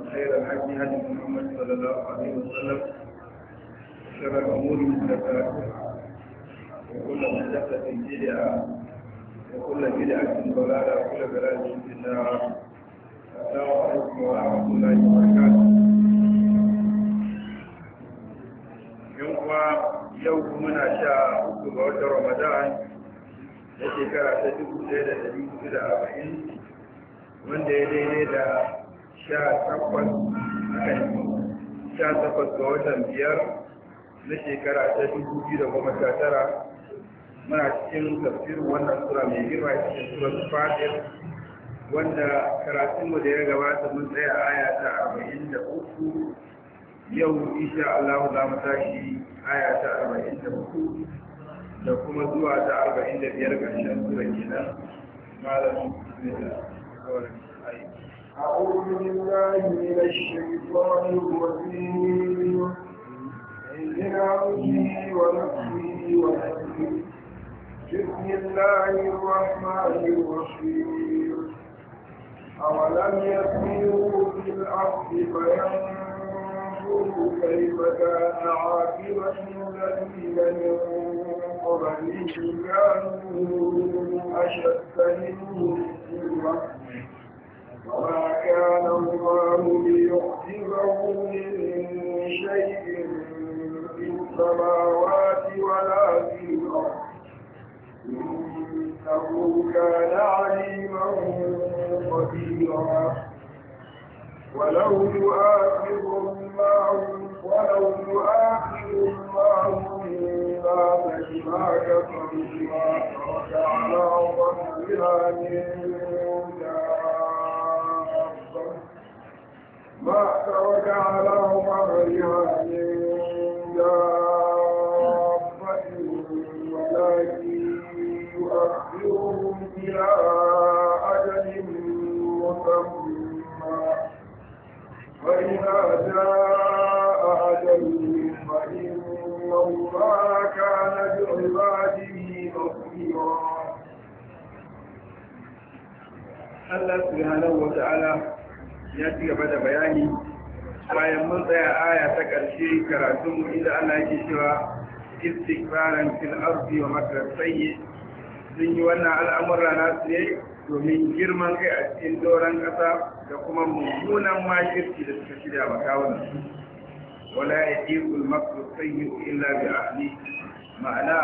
وخير الحج هدي محمد صلى الله عليه وسلم وشر الأمور محدثاتها وكل محدثة بدعة وكل بدعة ضلالة وكل بلاد في النار السلام عليكم ورحمة الله وبركاته yau muna sha uku ga watan ramadan da shekara ta dubu ɗaya da ɗari da arba'in wanda ya daidai da sha takwas sha takwas ga watan biyar na shekara ta dubu biyu da goma sha tara muna cikin tafsirin wannan sura mai girma cikin su fatir wanda karatunmu da ya gabata mun tsaya aya ta arba'in da uku yau insha Allah za mu tashi aya ta arba'in da uku da kuma zuwa ta arba'in da biyar ƙarshen sura kenan malam bismillah kawai aiki أعوذ بالله من الشيطان الرجيم من عوزه ونفسه ونفسه بسم الله الرحمن الرحيم أولم يسيروا في الأرض فينظروا كيف كان عاقبة الذين من قبلهم كانوا أشد منهم قوة وما كان الله ليعجزه من شيء في السماوات ولا في إنه كان عليما قديرا ولو يؤاخذ الله ولو يؤاخذ الله الناس بما كسبوا ما ما ترك لهم عليها من دابة ولكن يؤخرهم إلى أجل مسمى فإذا جاء أجل فإن الله كان بعباده بصيرا الله سبحانه وتعالى ya ci gaba da bayani bayan mun tsaya aya ta ƙarshe karatunmu inda Allah yake cewa istikbaran fil ardi wa makar sayyi sun yi wannan al'amura nasu ne domin girman kai a cikin doron ƙasa da kuma mummunan makirci da suka shirya da su wala ya ɗiƙul makar sayyi illa bi ahli ma'ana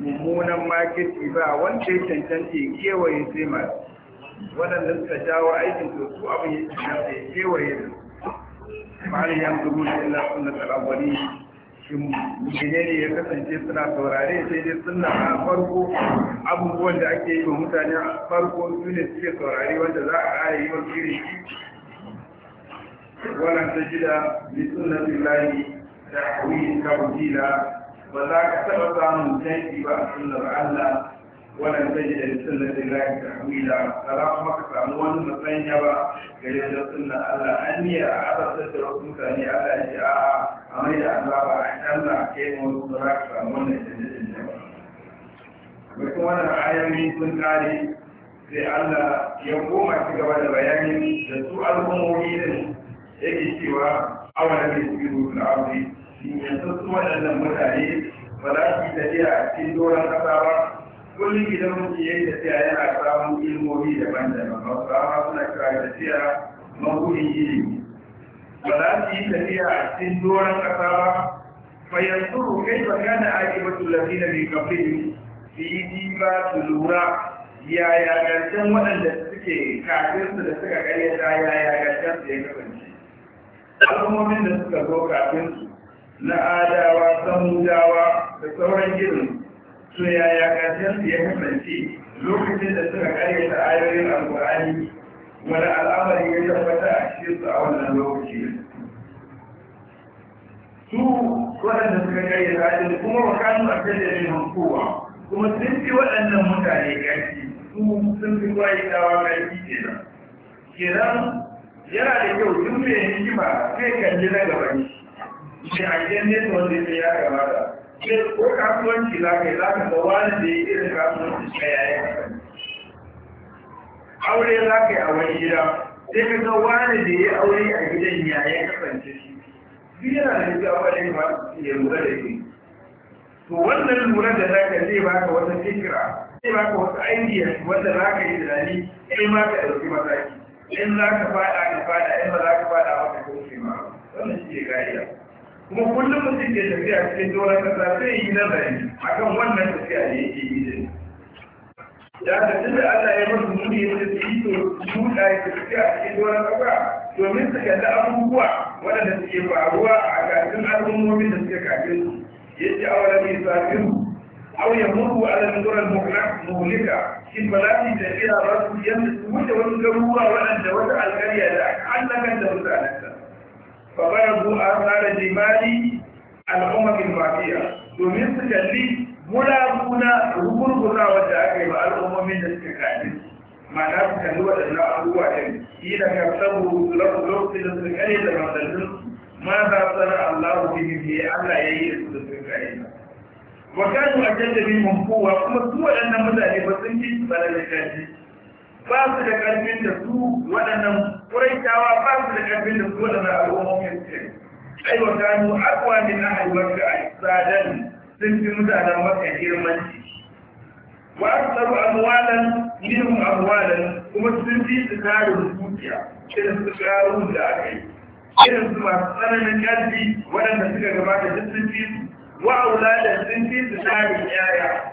mummunan makirci ba wanda ya cancanci kewaye sai masu waɗanda suka jawo aikin to su abin ya da ya kewaye da ma'ana ya zuru da illa suna talawali shi ne ya kasance suna saurare sai dai suna a farko abubuwan da ake yi wa mutane a farko su ne suke saurare wanda za a ƙara yi wa irin wannan ta jida bi sunnatin lahi da kawai kabila ba za ka taɓa samun canji ba a sunnar Allah wannan zai da sunna da zai ka wila salam maka samu wani matsayin ya ba gare da sunna Allah an yi a azabtar da wasu mutane Allah ya ce a amai da Allah ba. a Allah kai mu za ka samu wannan jinjin ba bakin wannan ayoyi sun kare sai Allah ya koma ci gaba da bayani da su al'ummomi din yake cewa awalan da su yi rufin Yanzu su waɗannan mutane ba za su yi tafiya a cikin doron ƙasa ba kullum idan mutum ya yi tafiya yana samun ilmomi daban-daban hausawa suna kira tafiya mabuɗin ilimi ba za su yi tafiya a cikin doron ƙasa ba fayanzuru kai ba kana ake batu da mai kafin su yi diba su lura yaya garcen waɗanda suke kafin su da suka ta yaya garcen su ya kasance al'ummomin da suka zo kafin su na adawa samudawa da sauran irin to yaya da ya kasance lokacin da suka karyata ayoyin alkur'ani wani al'amari ya tabbata a cikin su a wannan lokaci su waɗanda suka da ayoyin kuma wa kanu a kan da kowa kuma sun fi waɗannan mutane ƙarfi su sun fi kwaye dawa ƙarfi kenan kenan yana da kyau duk mai hikima zai kalli na gaba shi shi a gidan nesa wanda ya gabata ko kasuwanci za ka yi za ka ga wani da ya irin kasuwanci ka yayi aure za ka yi a wani gida sai ka ga wani da ya aure a gidan ya ya kasance shi duk yana da cewa wani ma ya lura da shi to wannan lura da za ka zai ka wata fikira zai ka wata idea wanda za ka yi tunani sai ma ka ɗauki mataki in za ka faɗa ka faɗa in ba za ka faɗa ba ka kauce ma wannan shi ne kariya kuma kullum mutum ke tafiya cikin doron kasa sai yi nazari kan wannan tafiya da yake yi da ya ce da Allah ya masu muni ya ce su yi to shuɗa ya tafiya cikin doron kasa domin su kalli abubuwa waɗanda suke faruwa a kafin al'ummomin da suke kafin su ya ce a wani misafiru au ya mutu a nan doron muhulika shi ba za su tafiya ba su yadda su wuce wasu garuruwa waɗanda wata alkariya da an mutanen mutanensa فضربوا آثار جمال الأمم الباقية domin su kalli mulakuna rugurguna wadda aka yi ba al'ummomin da suka kaji ma'ana su kalli waɗannan abubuwa ɗin ila ka sabu lokacin da suka kare da masallin ma za su sanar Allah ku bi bi Allah ya yi su da suka kare wa kanu a jaddabi mun kowa kuma su waɗannan mutane ba sun ji ba da ba su da ƙarfin da su waɗannan ƙuraitawa ba su da ƙarfin da su waɗannan al'ummomin ce ai wa gano akwa ne na haihuwar da a tsadan sun fi mutanen maka girman ci wa su tsaro amwalan nihun amwalan kuma sun fi su tarin dukiya irin su ƙarun da aka yi irin su masu tsananin ƙarfi waɗanda suka gabata duk sun fi su wa'aula da sun fi su tarin yaya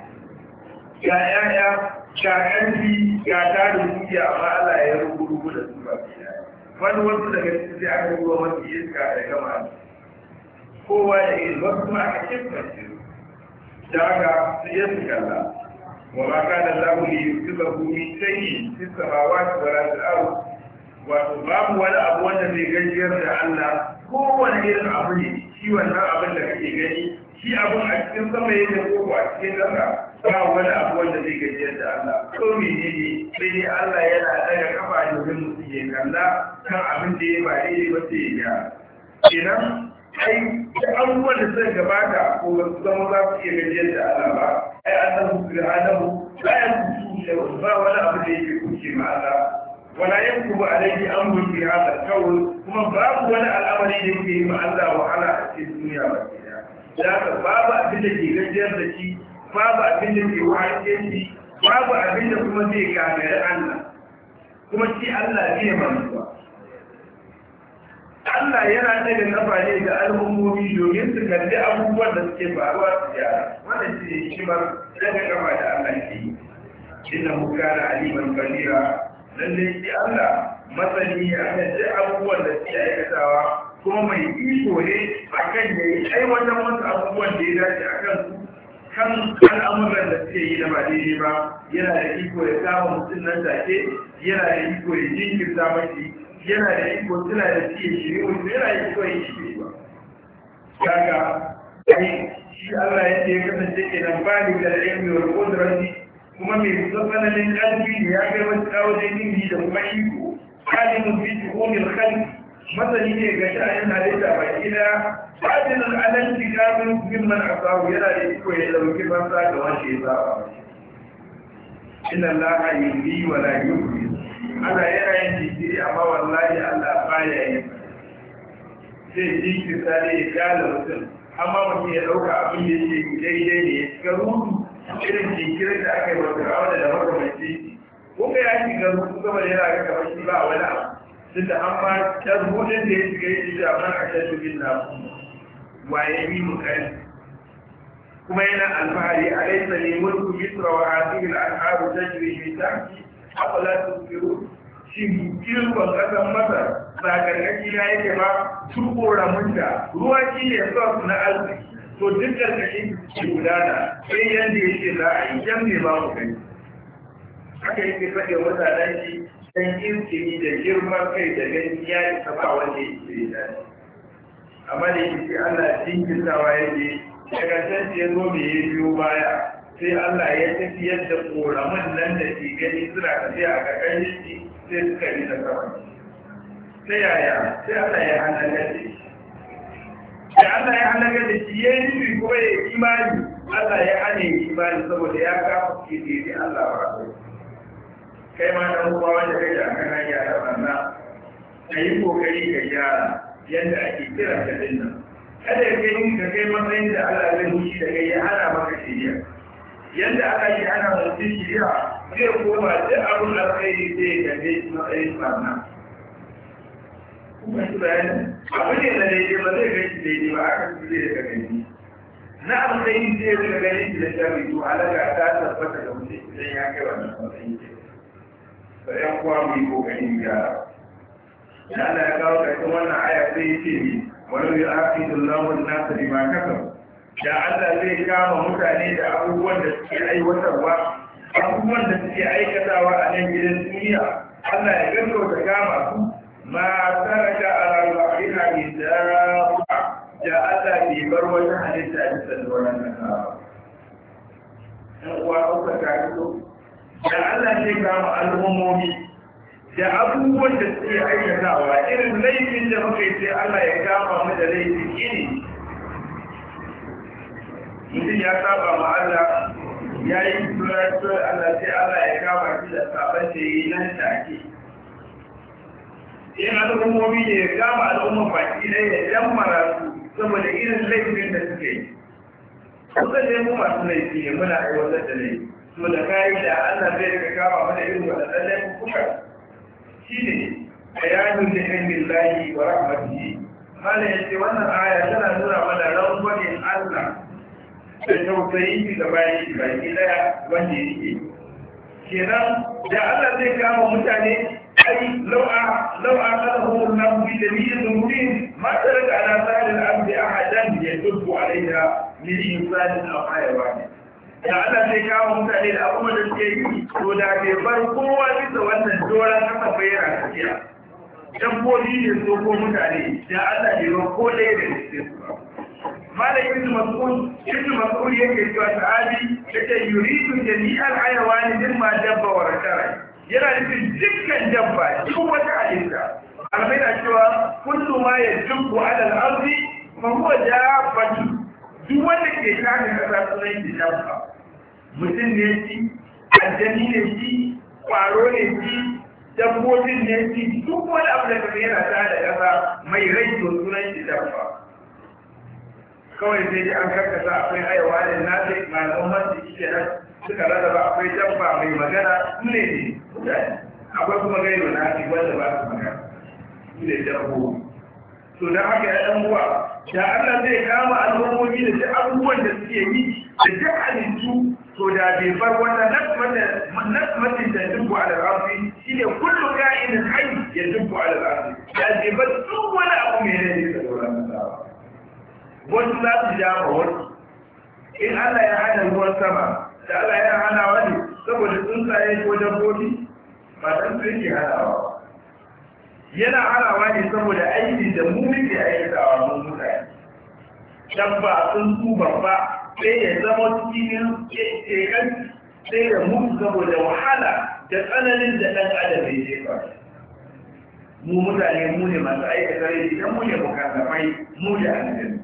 ga yaya ga ƙarfi ga tarin kuya a Allah ya rubu da su ba wani wasu daga cikin sai aka ruwa wani iska da gama kowa da iri wasu ma a cikin ce da aka su yi su kalla wa ma ka da zamu yi su ba ku mi sanyi su samawa su wala su aru wato babu wani abu wanda zai gajiyar da Allah kowane irin abu ne shi wannan abin da kake gani shi abin a cikin sama yake ko a cikin ƙasa ba wani abu wanda zai gajiyar da Allah ko mene ne sai dai Allah yana daga kafa domin mutum ya kalla kan abin da ya ba daidai ba sai ya kenan ai abubuwan da suka gabata ko ba su zama za su iya gajiyar da Allah ba ai Allah subhanahu su yanqutu shay'un ba wani abu da yake kuce ma Allah wala yanqubu alayhi amrun fi hadha al kuma babu wani al'amari da yake yi ma Allah wahala a cikin duniya ba da babu abin da ke gajiyar da shi babu abin da ke wace shi babu abin da kuma zai kamar Allah kuma shi Allah zai mantuwa Allah yana ɗaga na ne da al'ummomi domin su kalli abubuwan da suke faruwa su gyara wanda shi ne shi hikimar daga kafa da Allah ke yi inna hukana aliman kabira lalle shi Allah matsayi a kan duk abubuwan da suke aikatawa kuma mai iko ne a kan ya yi aiwatar wasu abubuwan da ya dace a kan su kan al'amuran da suke yi na ba daidai ba yana da iko ya kama mutum nan take yana da iko ya jinkirta mashi yana da iko suna da shi ya shirya, wani yana da iko ya shiri ba kaga ai shi Allah ya ce ya kasance kenan ba ni da ilmi ko qudrati kuma mai tsananin kalbi ne ya kai wata wajen yin da kuma iko kalimun fi shuhunil khalqi masani ne ga sha'ayin halitta ba gida fadin al'adar shigamin mimman asahu yana da iko ya dauki fansa da wanda ya saba inna laha yuri wa la yuri ana yana yin jikiri amma wallahi allah ya yi sai jikiri sare ya kala mutum amma mutum ya dauka abin da yake daidai ne ya shiga rudu irin jikirin da aka yi wa fir'auna da makamanci kun Kuma ya shiga rudu saboda yana ga kamar shi ba wani abu tunda an ba tarbuɗin da ya shiga yi da a a shan shugin na waye yi mu kai kuma yana alfahari a laisa ne mulku misra wa hadhihi al ta tajri a kula afala tusirun shin kirkon ƙasar masar ba gargaji na yake ba turkora munta ruwa shi ne sof na arziki to duk gargashin ke gudana sai yadda ya ce za a yi jan ne ba mu kai haka yake faɗe mutanen shi dan iskini da girman kai da gani ya yi ba wanda ya ce da amma da ana Allah jinkintawa ya je daga can ya zo me ya biyo baya sai Allah ya tafi yadda koramin nan da ke gani suna tafiya a ƙarƙashin shi sai suka yi ta sama ta yaya sai Allah ya halaka da shi sai Allah ya halaka da shi ya yi kuma ya imani Allah ya hane imani saboda ya kafa ke Allah ba kai ma ɗan uwa wanda kai da aka nan yara wannan A yi kokari ka gyara yadda ake kira ka dinna kada ya kai ka kai matsayin da ala zai hushi da kai ya hana maka shirya yadda aka yi hana mutum shirya zai koma duk abin da kai zai ka kai matsayin barna kuma shi bayani abu ne na daidai ba zai gaji daidai ba aka su zai ka gani na abin da yin zai daga gani da shafi to halaka ta tabbata da mutum idan ya kai wannan matsayin da ‘yan kuwa mai kokarin gyara. Da Allah ya kawo ƙarfin wannan aya sai ya ce ni wani ya haƙi dullahun nasa da ma kasa. Da Allah zai kama mutane da abubuwan da suke aiwatarwa, abubuwan da suke aikatawa a nan gidan duniya. Allah ya gano da kama su ma saraka a rayuwa ina mai zarafa. Da Allah bai bar wani halitta a bisa da wannan kasa. ‘Yan uwa ɗaukaka ta da Allah ya kama al'ummomi da abubuwan da suke aikatawa irin laifin da muka yi sai Allah ya kama mu da laifin iri mutum ya saba ma Allah ya yi turatun Allah sai Allah ya kama shi da sabon da ya yi nan take in al'ummomi ne ya kama al'umma baki ɗaya ya ɗan marasu saboda irin laifin da suke yi kusa ne mu masu laifi ne muna aiwatar da laifi to da kayi da Allah zai ka kama mana irin waɗannan laifuka shi ne bayanin da kan layi, wa rahmatihi mana ya ce wannan aya tana nuna mana rangwamin Allah da tausayi da bayan shi bai daya wanda ya rike kenan da Allah zai kawo mutane ai lau'a lau'a qadahu da bi da dhunubihim ma taraka ala sa'il al-abdi ahadan yadubbu alayha min a aw hayawanin da Allah zai kawo mutane da abubuwan da suke yi to da bai bar kowa bisa wannan doron kasa bayyana tafiya dabbobi ne so ko mutane da Allah bai bar ko ɗaya da suke su ba ibn mas'ud ibn mas'ud yake cewa sahabi yake yuridu jami'al hayawani ma dabba wa rakara yana nufin dukkan dabba duk wata halitta malamai cewa kullu ma yajibu ala al-ardi fa huwa duk wanda ke kare kasa sunan shi dabba mutum ne shi aljani ne shi kwaro ne shi dabbobin ne shi duk wani abu da kuma yana ta da kasa mai rai to sunan shi dabba kawai sai dai an karkasa akwai haiwa da nasa malaman masu shi nan suka rarraba akwai dabba mai magana ne ne akwai kuma gaiwa na wanda ba su magana ne dabbobi to don haka ya ɗan uwa da Allah zai kama al'ummomi da duk abubuwan da suke yi da duk halittu to da bai bar wannan nasmatin da dubu al'arfi shi ne kullu ka'inin hai ya dubu al'arfi da bai bar duk wani abu mai rai da sauran kasawa wasu za su ja ma wasu in Allah ya hana ruwan sama da Allah ya hana wani saboda tsuntsaye ko dabbobi ba dan su yake hanawa ba yana harawa ne saboda aiki da mu muke aikatawa mun mutane dabba sun su babba sai ya zama cikin kekan sai ya mutu saboda wahala da tsananin da ɗan adam ya jefa mu mutane mu ne masu aikata rai idan mu ne mai mu da annabi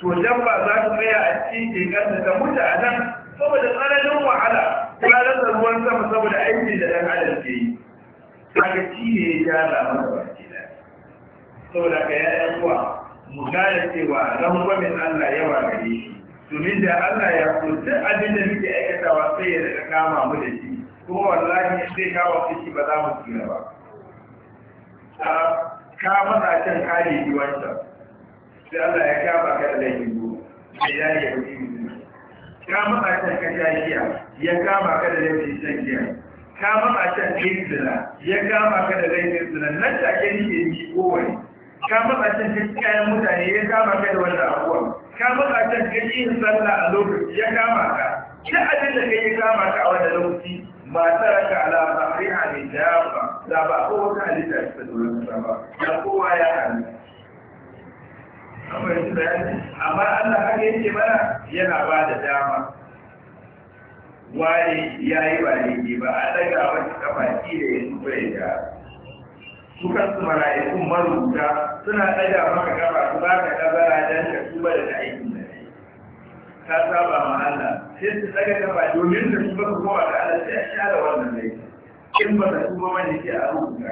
to dabba za ta tsaya a cikin kekan ta mutu a nan saboda tsananin wahala ta da ruwan sama saboda aiki da ɗan adam ke yi kaga shi ne ya gyara masa baki da saboda daga ya yan uwa mu gane cewa rangwamin Allah yawa gare shi domin da Allah ya so duk abin da muke aikatawa sai ya daga kama mu da shi kuma wallahi sai kawo fushi ba za mu tsira ba ka mana can kare ji wancan sai Allah ya kama ka da laifin go sai ya yi ya ka mana can ka sha giya ya kama ka da laifin shan giya ka a can ɗin zina ya kama ka da laifin zina nan da ke ni ke ji kowai ka a can ka kayan mutane ya kama ka da wannan abuwa ka a can ka yi sallah a lokaci ya kama ka Ki abin da kai ya kama ka a wannan lokaci ba taraka ala bahriha min dabba da ba ko wata halitta ta dole ta ba da kowa ya halitta amma Allah haka yake mana yana ba da dama Wani ya yi ba daidai ba a daga wata kafa da ya tuba ya ja su kansu mara'ikun marubuta suna daga maka kafa su ba ka kabara don ka tuba da aikin da ne ka saba ma Allah sai su daga kafa domin ka tuba ka kowa da Allah sai a share wannan laifi in ba ka tuba mani ke a rubuta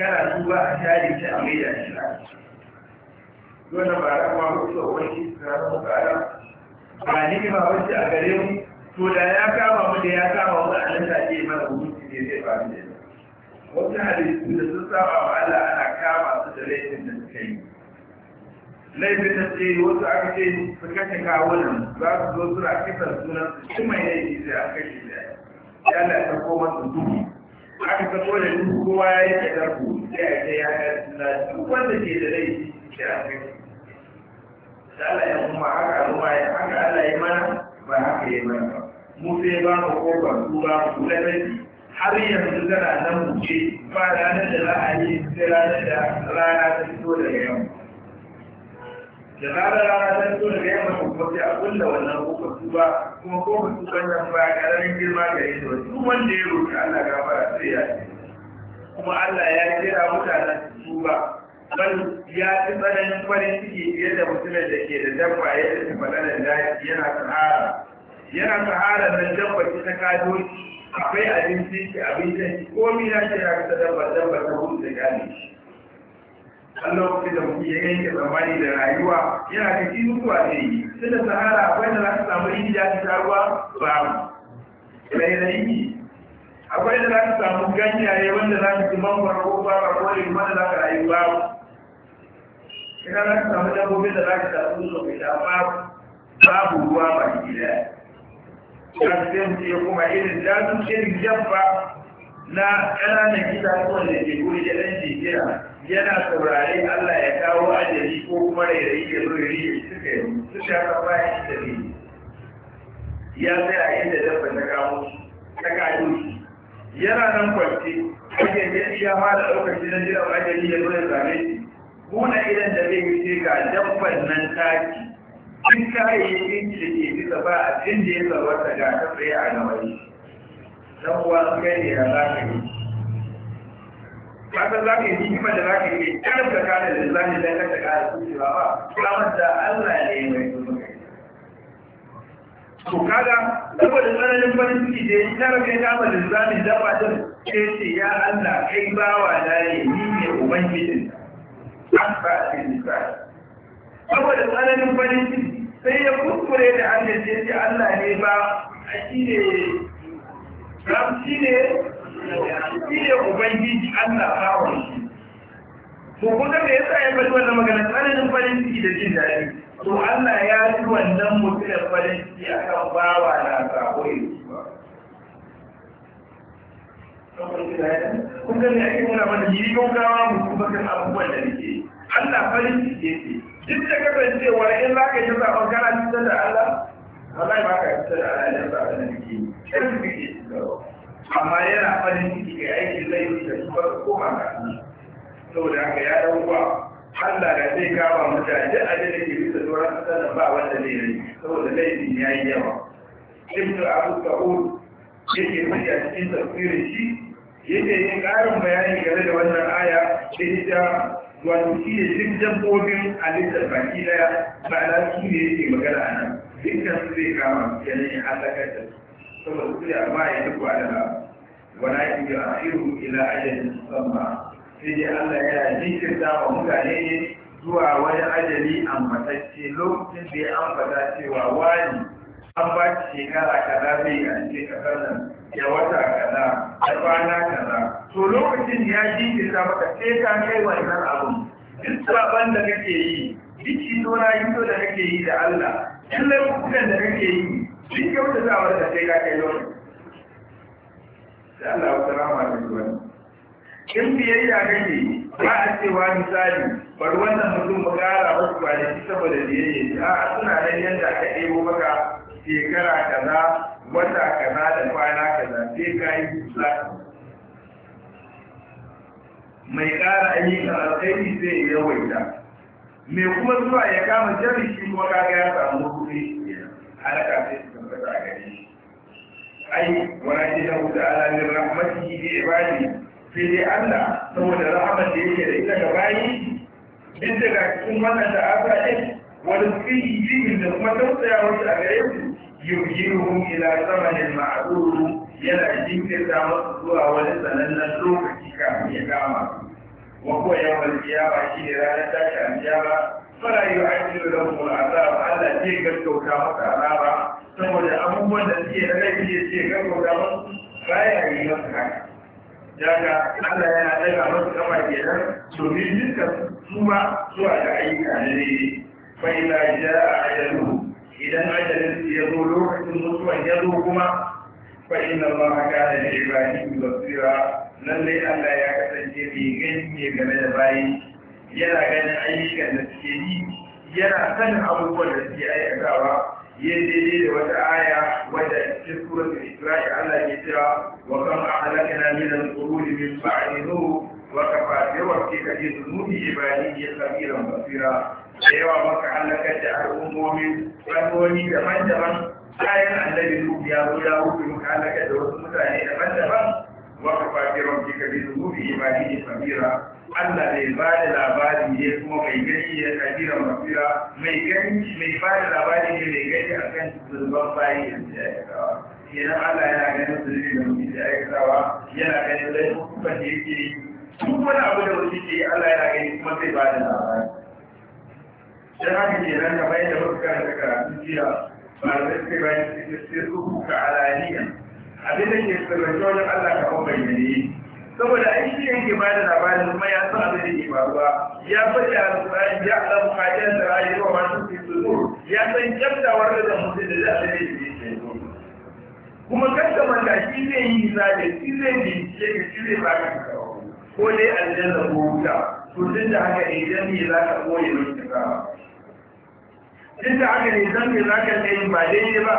kana tuba a share shi a mai da shi wannan ba ra kuma mutuwa wani shi su ra muka ba ni ba wacce a gare mu to da ya kama mu da ya kama mu a nan ke mana hukunci ne zai faru da shi wasu halittu da sun saba wa Allah ana kama su da laifin da suka yi laifin da suke yi wasu aka ce su kashe kawunan za su zo suna kisan sunan su shi mai laifi zai aka kashe da ya Allah ta koma su duhu aka ta kone duk kowa ya yi kadar ku sai a ce ya kai suna duk wanda ke da laifi sai a kashe da Allah ya kuma haka al'umma ya haka Allah ya mana ba haka ya mana ba mu sai ba kofa duba tura mu lalaci har yanzu tana nan muke ba ranar da za a yi sai ranar da rana ta fito daga yamma da rana rana ta fito daga yamma ko kuma sai a kulla wannan kofa duba kuma kofar su nan ba karamin girma ga yin ba duk wanda ya roƙi Allah gafara sai ya ce kuma Allah ya kira mutanen duba bal ya fi tsananin farin ciki fiye da mutumin da ke da dabba ya tafi faɗa da yana sahara yana sahara nan dabba ta kado akwai abinci ki abincin komi na shi ya kasa dabba dabba ta hudu da gane shi Allah kuma da mutum ya yanke zamani da rayuwa yana ka ci mutuwa ne yi tun da sahara akwai da za ka samu da ta taruwa ba mu yi akwai da za ka samu ganyaye wanda za ka ci mangwaro ko ba ko ne wanda za ka rayu ba mu ina za ka samu dabbobin da za ka samu su ka ba babu ruwa ba ki daya kasance ya kuma irin dadu irin jamba na ƙananan itatuwan da ke guri ya ɗan jikira yana saurare Allah ya kawo ajali ko kuma rairayi ya zo ya suka yi suka ka bayan da ne ya tsaya inda dabba ta kawo ta kayo yana nan kwanci kake gani ya fara ɗaukar shi na jiran ajali ya zo ya same shi kuna idan da zai wuce ga dabban nan taki duk kayayyakin da ke bisa ba abin da ya tsawata ga ta tsaye a gabai dan uwa kai ne ya za ka yi mata za ka yi hikima da za ka yi kar ka kada da zani da ka kada kucewa ba kuma da Allah ne mai zuwa to kaga saboda tsananin farin ciki da ya tara kai kama da zani da ba din sai ce ya Allah kai bawa na ne ni ne ubangijin an fa a cikin saboda tsananin farin ciki sai ya kuskure da Allah sai ce Allah ne ba a shi ne ram shi ne shi ne ubangiji Allah kawai to kuma da yasa ya bari wannan magana tsananin farin ciki da jin daɗi to Allah ya yi wannan mutumin farin ciki akan bawa na sako kun gani ake muna mana yi yau gawa mu kuma kan abubuwan da nake Allah farin ciki yake duk da kasancewar in za ka yi zaɓen kana cutar da Allah wallahi ba ka cutar da Allah idan zaɓen da kake yi kan su kake amma yana farin ciki ga aikin laifi da su fasa koma ka saboda haka ya ɗauka Allah da zai kama mutane duk abin da ke bisa doron ƙasar nan ba wanda zai rai saboda laifin ya yi yawa ibnu abu sa'ud yake faɗi a cikin tafsirin shi yake yin ƙarin bayani game da wannan aya da ita wato shi ne duk dabbobin halittar baki daya ma'ana su ne yake magana a nan dukkan su zai kama kenan ya halakar da su saboda su ya ba ya duk wadana wala yi da asiru ila ajalin musamman sai dai Allah ya jikinta wa mutane ne zuwa wani ajali ambatacce lokacin da ya ambata cewa wani an ba shi shekara kaza zai cikin kasar nan ya wata kaza a kwana kaza to lokacin ya ke sa maka sai ka kai wannan abu duk saban da kake yi duk hito na hito da kake yi da Allah duk laifukan da kake yi duk kyautatawar da sai ka kai lokacin da Allah ya salama da wani in biyayya kake ba a cewa misali bari wannan mutum mu kara wasu kwanaki saboda biyayya a suna nan yadda aka ɗebo maka shekara za wata kaza da kwana kaza sai ka yi kusa mai ƙara ayyukan alkhairi zai yawaita mai kuma zuwa ya kama jari shi kuma kaga ya samu kuɗi halaka sai su tabbata a gare shi ai wani ce da wuta ala min ya bi ibadi sai dai Allah saboda rahmat da yake da ita ga bayi duk daga cikin wannan da aka Wani jirgin da kuma tausaya wasu a gare su yujiruhum ila zamanin ma'dud yana jinkirta masu zuwa wani sanannen lokaci kafin ya kama wa huwa yawmal qiyamah shi ne ranar tashi ba, fara a lahum ba Allah zai gaggauta masa azaba saboda abubuwan da suke da laifi ya ce gaggauta musu baya yi masa haka daga Allah yana daga masu kama kenan domin dukkan su zuwa da ayyuka na daidai فإذا جاء أجلهم إذا أجل يزول المسوى يزول كما فإن الله كان لعباده بصيرا للي ألا يكتنجي في غني غني باي يلا غني أيشك نسكي يلا سن أبو ولد في أي أكاوة يدليل وتعايا وجاء في سورة الإسراء على كتاب وكم أهلكنا من القرون من بعد نور وكفى بوقتك بذنوب عباده خبيرا بصيرا ايوا maka halakar da al'ummomi fannoni daban-daban bayan annabi Nuhu ya zo ya wuce muka halakar da wasu mutane daban-daban wa kafa bi Allah bai ba da labari ne kuma mai gani ya kabira mafira mai gani mai ba da labari ne mai gani akan zulban bayi da ya aikatawa kenan Allah yana ganin zulmi da mutum aikatawa yana ganin laifukan da yake duk wani abu da wasu ke Allah yana gani kuma zai ba da labari dan haka ke nan kamar yadda muka karanta karatu jiya ba da sai bayan sai ruhu ka alaniya abin da ke sirrin wajen Allah ka kuma bayyane saboda a shi yake ba da labarin kuma ya san abin da ke faruwa ya faɗi alƙur'ani ya alamu kajen da wa masu fi ya san kyaftawar da mutum da za a da ke kuma kasta manta shi zai yi zaɓe shi zai bincike shi zai ba ka ko dai a da ko wuta to tun da haka ne idan ne za ka koye mai kasa tun da haka ne zan ne za ka tsaye ba daidai ba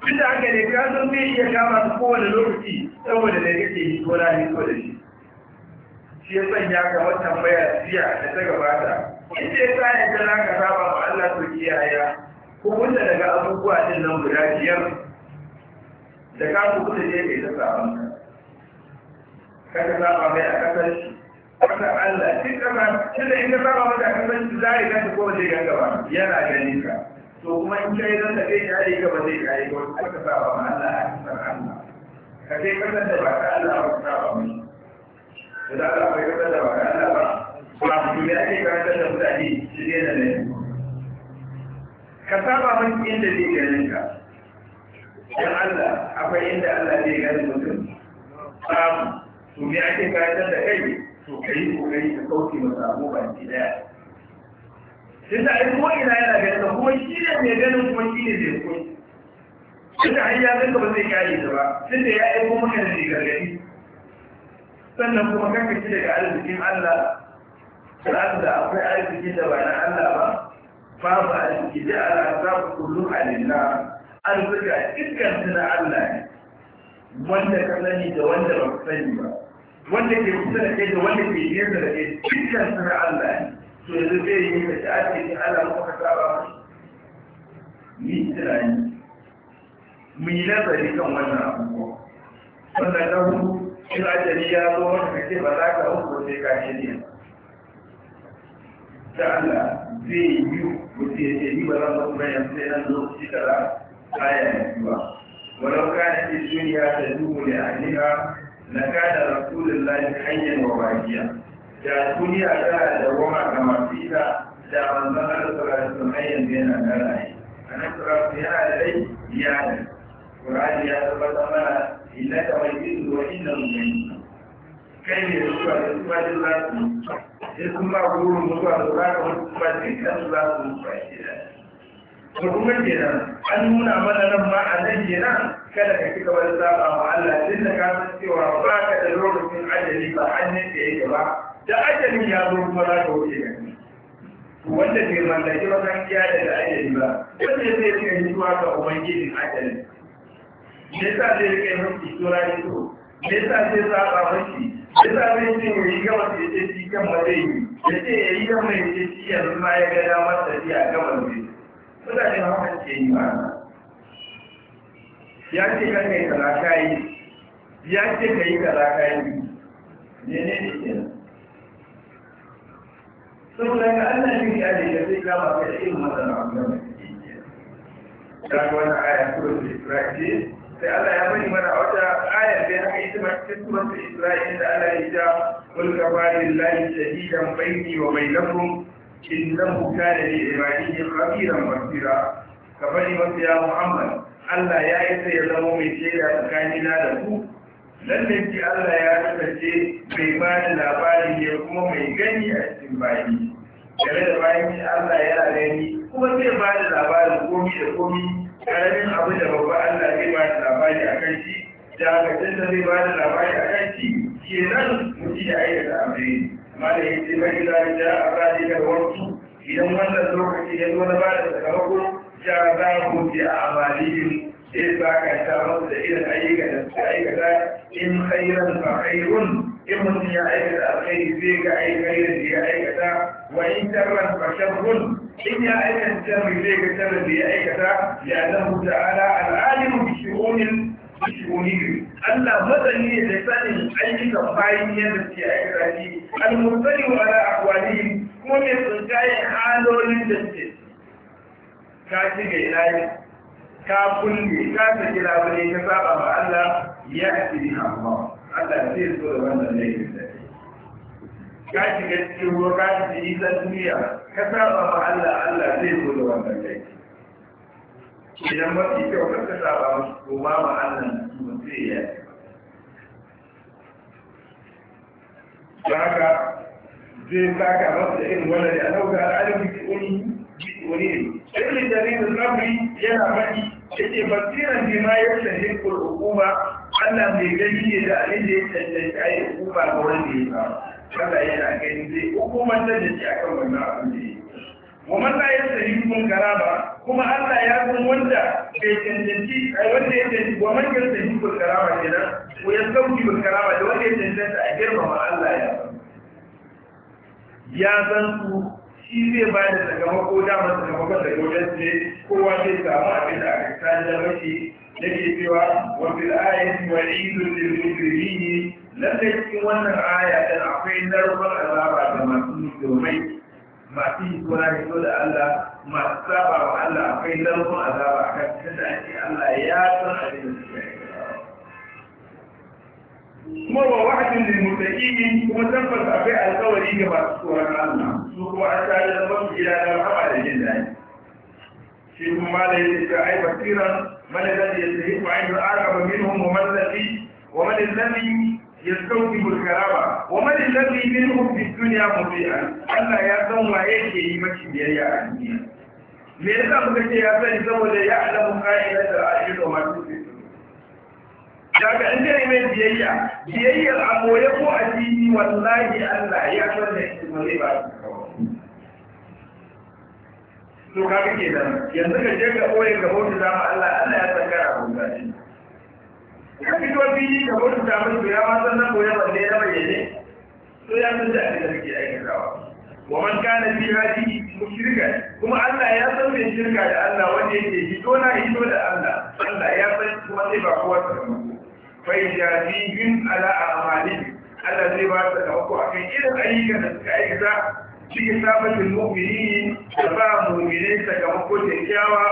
tun da haka ne ka san zai iya kama su kowane lokaci saboda da kake yi ko rani ko da shi shi ya sanya ga wata baya jiya da ta gabata in ce sa ya ga ka saba ma Allah to kiyaya ko wanda daga abubuwa din nan guda biyar da ka kuɓuta je kai ta sabanka kada saba mai a kasar shi wata Allah shi kama tunda in ka saba mai a kasar shi za a yi kanta ko ba zai ba yana ganin ka to kuma in kai zan da kai kare ka ba zai kare ka wasu kaka saba ma Allah a kasar Allah ka kai kasar da ba ta Allah ba ta saba mai da za ka kai kasar da ba ta Allah ba ba su yi ake karantar da mutane shi ne da ne ka saba mai inda zai ganin ka dan Allah akwai inda Allah zai gani mutum babu to me ake kayatar da kai to kai kokari ka kauce masa abu ba ki daya sai da ai ko ina yana ganin ka kuma shi ne mai ganin kuma shi ne zai koyi sai da ai ya ga ba zai kare ta ba sai da ya aiko maka da gargadi sannan kuma kanka shi daga arzikin Allah sa'ad da akwai arziki da ba na Allah ba babu arziki da ala ta ku alilla alillah arzika dukkan sunan Allah ne wanda ka sani da wanda ba ka sani ba wanda ke kusa da kai da wanda ke nesa da kai dukkan su na Allah ne to yanzu zai yi da ta ake ce Allah ko ka saba mai ni tunani mun yi nazari kan wannan abubuwa wannan na hudu in ajali ya zo wanda kake ba za ka hukuwa sai ka shirya da Allah zai yi mutum ya ce ni ba zan zo kuma yanzu sai nan lokaci kaza kaya ya yi ba walau kana ce duniya ta duhu ne a na kada rasulun lafi hanyar wa bakiya da duniya ta da goma ga masu ita da manzan alasara su hanyar da yana da a nan turasu yana da rai ya da ya tabbatar mana illa ta mai jin zuwa inda yi. kai ne da zuwa da zuwa da za su sai sun ba gurin da za su da. an nuna mana nan ma a nan kada ka ci gaba da saba ma Allah din da ka san cewa ba ka da lokacin ajali ba hannun da yake ba da ajalin ya zo kuma za ka wuce ka wanda bai mallaki wasan kiya da ajali ba wanda ya zai rika hituwa ga ubangijin ajalin me yasa zai rika yin mafi tura ne to me yasa zai saba mafi me yasa zai ce ya yi gama da ya ce kan ba zai yi ya ce ya yi gama ya ce yanzu ma ya ga damar tafiya gama ne mutane ma kan ce yi ba ya ce kan kai kaza ka yi ya ce ka yi kaza ka yi ne ne ne ke nan saboda ka Allah ne ya ce ka sai kama ka irin matsala a kan da wani aya kuma da Isra'il sai Allah ya bani mana a wata aya sai haka ita ma cikin surat Isra'il da Allah ya ja kul kafari lillahi shahidan baini wa bainakum innahu kana li ibadihi khabiran basira ka bani masa ya Muhammad Allah ya yi sai ya zama mai da tsakanina da ku lallai ki Allah ya kasance mai ba da labari ne kuma mai gani a cikin bayi Kare da bayan ki Allah yana gani kuma zai ba da labarin komi da komi Ƙaramin abu da babba Allah zai ba da labari a kan shi da haka zai ba da labari a kan shi ke nan mutum ya aikata amfani mana ya ce mai da a da wasu idan wannan lokaci ya zo na ba da sakamako ya za ku fi a amali ke ba ka ta da irin ayyuka da su aikata in khairan fa khairun in mun ya aikata alkhairi zai ga aikata da ya aikata wa in sharran fa sharrun in ya aikata sharri zai ga sharri da ya ya zan huta ala al'alimu bi shi'unin Allah matsani ne da sanin ayyukan bayan yadda suke aikata shi, almurtani wa ala akwalihim kuma mai tsunkayen halolin da suke ka shiga ilahi ka kulle ka saki labule ka saba ma Allah ya ci na Allah Allah zai so da wannan laifin da ka shiga cikin ruwa ka shiga isar duniya ka saba ma Allah Allah zai so da wannan laifin idan mafi kyau ka ka saba musu ko ma ma Allah ba zai ya ci haka zai saka masa irin wannan da a dauka al'adun bikin wani ne ibn rabbi yana faɗi yace basiran bi ma yastahiqu al-hukuma Allah mai gani ne da abin da ya tantance ai hukuma ga wanda ya ba yana gani zai hukumar da wannan ya shi zai ba da sakamako damar sakamakon da wajen ce kowa zai samu abin da aka tanzar mashi da ke cewa wani ayat wani idu lil mujrimin lallai cikin wannan aya dan akwai narkon azaba da masu musulmai masu yi suna ne so da Allah masu saba wa Allah akwai narkon azaba akan da ake Allah ya san abin da suke kuma wa wa'adin da muttaqin kuma tabbas akwai alƙawari ga masu tsoron Allah su kuma an tare da wasu gida da rahama da jin daɗi shi kuma malai ya ce ai basiran man alladhi yastahiqu ayyu ba minhum wa man alladhi wa man ya sauki al-karama wa man min minhum fi dunya muti'an Allah ya san waye ke yi maki biyayya a duniya me yasa muka ce ya sani saboda ya alamu qa'idatu da ajr wa ma tusif daga in kai mai biyayya biyayyar a koye ko a fili wallahi Allah ya san da shi ba zai ba to kaga kenan yanzu ka je ka koye ga hoto da Allah Allah ya san kana bauta shi ka fito fili ka hoto da mu ya ma san nan koye balle ya bayyane to ya san da ita kake aikatawa wa man kana fi hadihi mushrika kuma Allah ya san mai shirka da Allah wanda yake hito na hito da Allah Allah ya san kuma sai ba kowa ta fayyadihin ala amalihi Allah zai ba ta tawakko a kan irin ayyukan da suka aikata cikin sabatin mu'mini da ba mu'mini ta ga da kyawa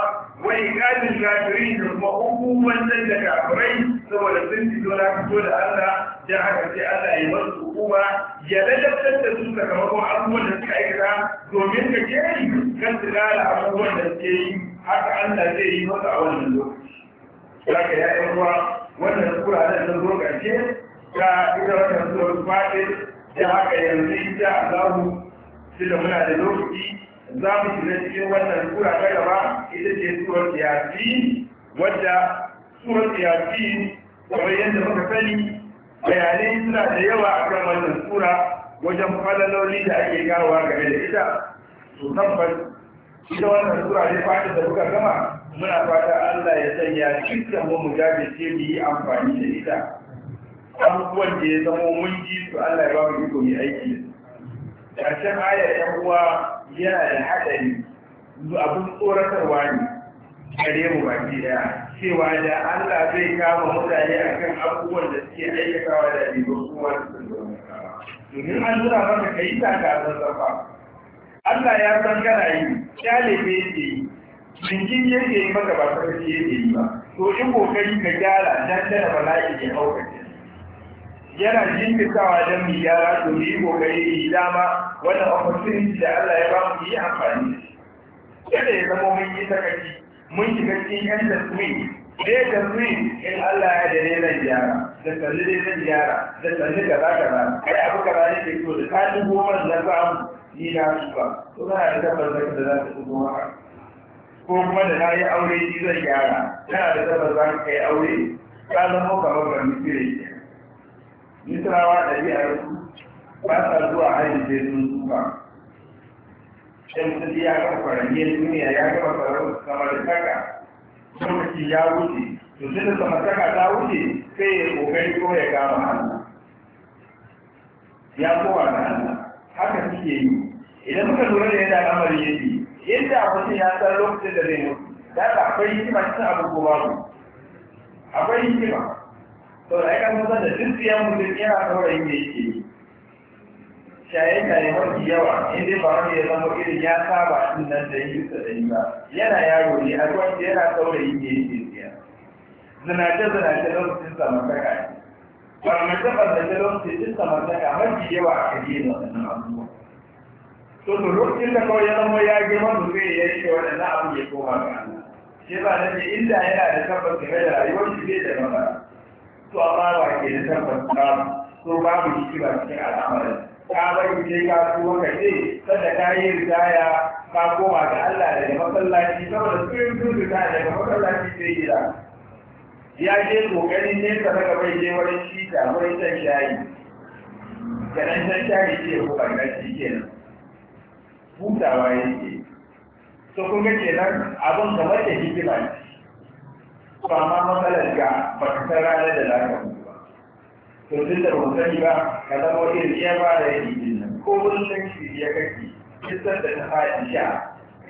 wai kadin gafirin da kuma hukumar nan da kafirai saboda sun ci zona fito da Allah da haka sai Allah ya yi masu hukuma ya ladabtar da su ta ga mako abubuwan da suka aikata domin ka ke yi kan su lala abubuwan da suke yi haka Allah zai yi masa a wannan lokaci. Laka ya wannan kuraren sun zo ƙarshe ta ita wannan zuwan faɗi da haka yanzu insha Allah shi da muna da lokaci za mu shiga cikin wannan kura ta gaba ita ce suwar yafi wadda suwar yafi kamar yadda muka sani bayanai suna da yawa a kan wannan sura wajen falaloli da ake gawa game da ita to tabbas ita wannan sura ne fata da muka gama muna fata Allah ya sanya dukkan mu mujahid ce mu yi amfani da ita abubuwan da ya zama mun ji su Allah ya ba mu iko mu aiki karshen ayar yan uwa yana da hadari abin tsoratarwa ne kare mu ki daya cewa da Allah zai kama mutane akan abubuwan da suke aikatawa da bai kuma su domin an nuna maka kai ta ka san Allah ya san kana yi kyale ne yi bincin yake yi maka ba shi yake yi ba to in kokari ka gyara tara tana bala'i ya haukace. yana jinkirtawa don mu gyara to mu yi kokari da yi dama wannan opportunity da Allah ya ba mu yi amfani da shi kada ya zama mun yi sakaci mun shiga cikin yan tasmin ɗaya tasmin in Allah ya da ne gyara da tsalli dai zan gyara da tsalli kaza kaza kai abu kaza ne ke so da ka dubo man na samu ni na su ba to kana da tabbatar da za ka dubo haka ko kuma da na yi aure shi zai gyara yana da tabbas za ka yi aure ka zama kamar ba misira ke misirawa ɗabi'ar su ba sa zuwa hajji sai sun tsufa shamsu ya gama faranye duniya ya gama da saka. lokaci ya wuce to sai da saka ta wuce sai ya kokari ko ya gama hannu ya kowa da hannu haka suke yi idan muka lura da yadda al'amari yake yadda mutum ya san lokacin da zai mutu da akwai hikima cikin abu ko babu akwai hikima to da aka musa da duk ya mutum yana saurayin da yake yi shaye shaye mafi yawa inda dai ba wani ya zama irin ya saba din nan da yi da yi ba yana yaro ne a ruwan da yana saurayin da yake siya zinace zinace lokacin samartaka ne barnace barnace lokacin samartaka mafi yawa a kage da wannan abubuwa to to lokacin da kawai ya zama ya girma to sai ya yi na abu ya koma ga Allah shi ba da inda yana da tabbas game da rayuwar shi zai da maka to amma ba ke da tabbas ba to babu shi ba cikin al'amarin ka bari sai ka su ka ce sanda ka yi ritaya ka koma ga Allah ya masallaci saboda sun sun ritaya daga masallaci sai gida ya je ne nesa daga bai je wani shi da wani shan shayi ganin nan shan shayi ce ko ba shi kenan hutawa yake to kun ga kenan abin kamar da hikima ne ba amma matsalar ga ba ka san ranar da za ka mutu ba to duk da ba sani ba ka zama wani riya ba da yake nan ko wurin shi ya kake kisan da ta faɗi sha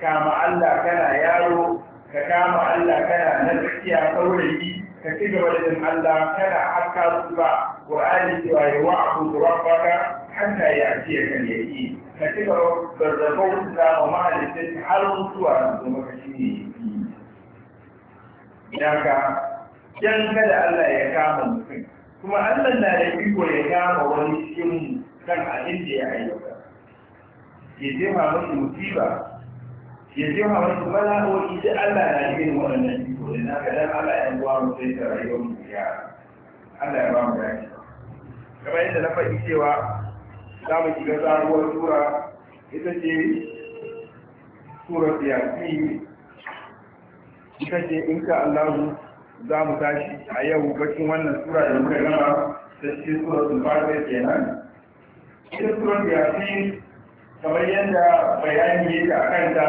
kama Allah kana yaro ka kama Allah kana na tsakiya saurayi ka ci gaba da jin Allah kana hakka su ba Qur'ani cewa ya wa'budu rabbaka hatta ce kan yaqin ka ci garzafon da wa mahalicin har mutuwa da maka shi ne ya ka jan kada Allah ya kama mutum kuma Allah na da iko ya kama wani cikin kan abin da ya ayyuka ya jefa masu musiba ya jefa masu bala'o'i da Allah na yin waɗannan iko da na ka Allah ya ruwa mu sai ta rayuwar mu ya Allah ya ba mu dace kamar yadda na faɗi cewa za mu shiga sabuwar tura ita ce tura siyasi ita ce in ka Allahu za mu tashi a yau bakin wannan tura da muka gama ta cikin tura sun fara kenan ita tura siyasi kamar yadda bayani ya a kanta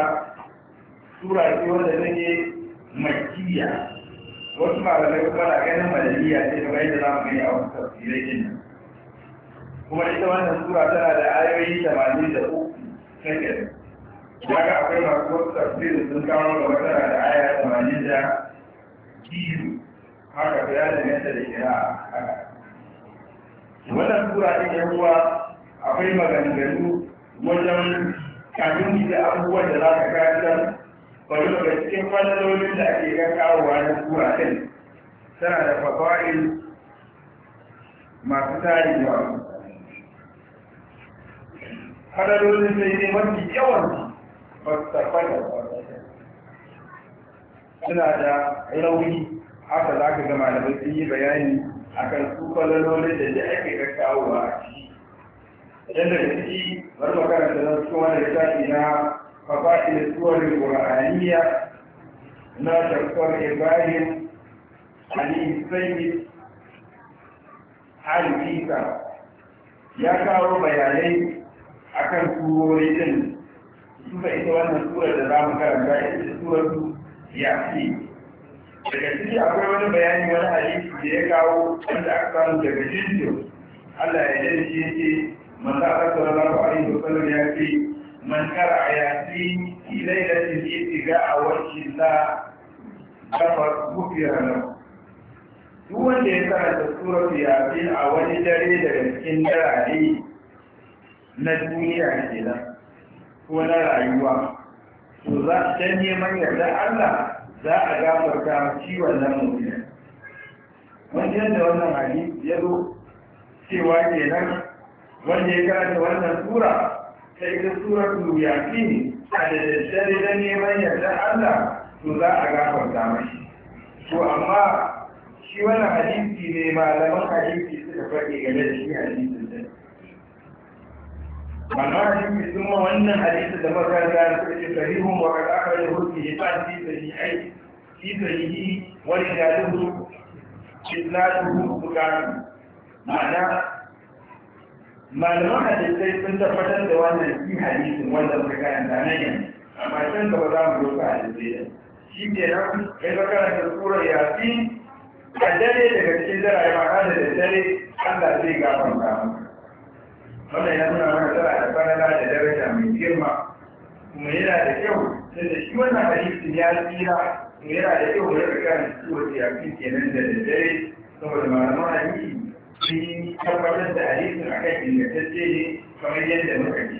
tura ce wanda ke makiya wasu malamai kuma na ganin malaliya ce kamar yadda za mu gani a wasu tafsirai kuma ita wannan sura tana da ayoyi tamanin da uku cikin daga akwai masu wasu sun kawo da tana da aya tamanin da biyu haka ta yada nesa da kira haka wannan sura din ya uwa akwai maganganu wajen kafin da abubuwan da za ka kasar bari daga cikin matsalolin da ake ga kawowa na sura din tana da fafa'in masu tarin yawa fadalolin sai ne mafi yawan fastafada suna da rauni haka za ka ga malamai sun yi bayani a kan su fadalolin da da ake kakkawowa a ciki idan da ciki bari makaranta na cikin wani shafi na da suwarin ƙura'aniya na shakwar ibrahim ali sayyid al ya kawo bayanai akan turori din suka ita wannan turar da za mu karanta ita ce turar su ya daga ciki akwai wani bayani wani hadisi da ya kawo wanda aka samu daga jinjo Allah ya yi shi yake da Allah sallallahu alaihi wasallam ya ce man qara ayati lailatul ittiqa wajhi la kafar kufira nan. duk wanda ya karanta surar yasin a wani dare daga cikin dare na duniya kenan ko na rayuwa to za a can neman yarda Allah za a gafarta shi wannan mutum wajen da wannan hali ya zo cewa kenan wanda ya karanta wannan sura ta ita suratul yasin a da daddare da neman yarda Allah to za a gafarta mashi to amma shi wannan hadisi ne malaman hadisi suka faɗi game da shi hadisi amma shi kuma wannan hadisi da makaranta suka ce sahihun wa kada aka yi hukki ya fi sahihai fi sahihi wani da jaluhu islamu bukatu ma'ana malaman hadisai sun tabbatar da wannan shi hadisin wanda suka karanta nan yanzu amma can gaba za mu doka hadisai da shi ke nan ya ga karanta surar yasin a dare daga cikin dare ma kada da dare Allah zai gafarta maka kuma yana da kyau sai da shi wannan hadisin ya tsira kuma yana da kyau mu rika kan ciwo ya fi kenan da dare saboda malaman hadisi sun tabbatar da hadisin akan ingantacce ne kamar yadda muka ji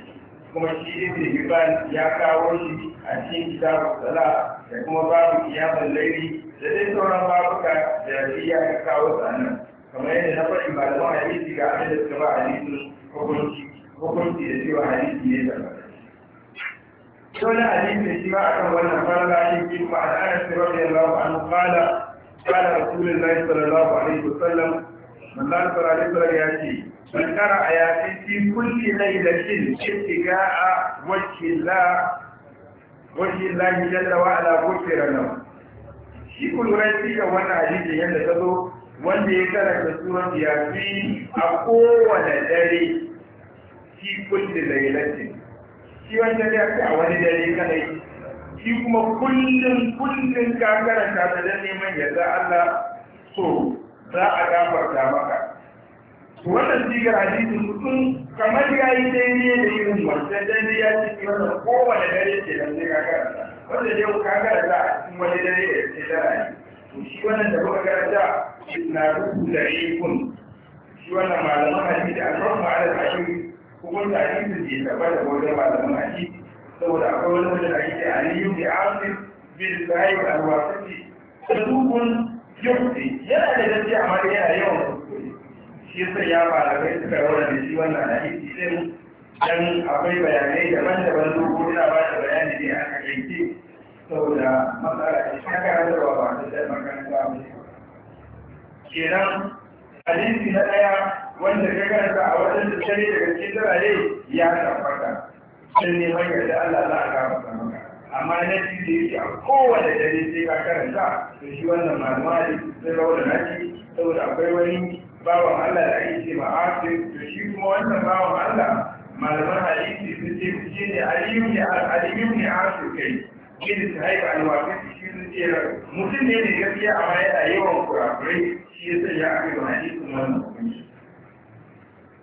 kuma shi ibn Hibban ya kawo shi a cikin kitabu sala da kuma babu kiyamun laifi da dai sauran babuka da shi ya kawo sanan kamar yadda na faɗi malaman hadisi ga abin da suka ba hadisin hukunci hukunci da cewa hadisi ne da ولا حديث الاجتماع كان وانا قال عليه جيب عن انس رضي الله عنه قال قال رسول الله صلى الله عليه وسلم من لا ترى عليه ياتي من ترى ياتي في كل ليلة ابتغاء وجه الله وجه الله جل وعلا غفر له shi kulurai shi ga wannan hadisin yadda ta zo wanda ya karanta suran yafi a kowane dare fi kulli lailatin shi wanda da ka a wani dare kadai shi kuma kullum kullum ka karanta da dan neman ya za Allah so za a gafarta maka wannan sigar hadisi mutum kamar ya yi daidai da irin wancan daidai ya ce wannan kowane dare ke da sai ka karanta wanda dai ka karanta a cikin wani dare da ke da rani to shi wannan da muka karanta na rubuta ikon shi wannan malaman hadisi da alfarma ala ta'ayyuri kuma da hadisin bai tabbata ko da malamin hadisi saboda akwai wani mutum da yake aliyu bi asif bin sahib al-wasiti sadukun yukti yana da gaskiya amma dai yana yawan kuskure shi yasa ya fara kai suka rawar da shi wannan hadisi din dan akwai bayanai daban-daban dogo ina ba da bayani ne a kakaice saboda matsala ce ta karantarwa ba ta da makaranta ba kenan hadisi na ɗaya wanda ka karanta a wajen da shari daga cikin turare ya tabbata sun neman yadda Allah za a kama maka amma na ci da yake a kowane dare sai ka karanta to shi wannan malama ne sai rawar na ci saboda akwai wani bawan Allah da ake ce ma'afin to shi kuma wannan bawan Allah malaman hadisi sun ce shi ne aliyu ne aliyu ne afin kai gini su haifa alwafi shi sun ce mutum ne ne gaskiya amma yana yawan kurakurai shi ya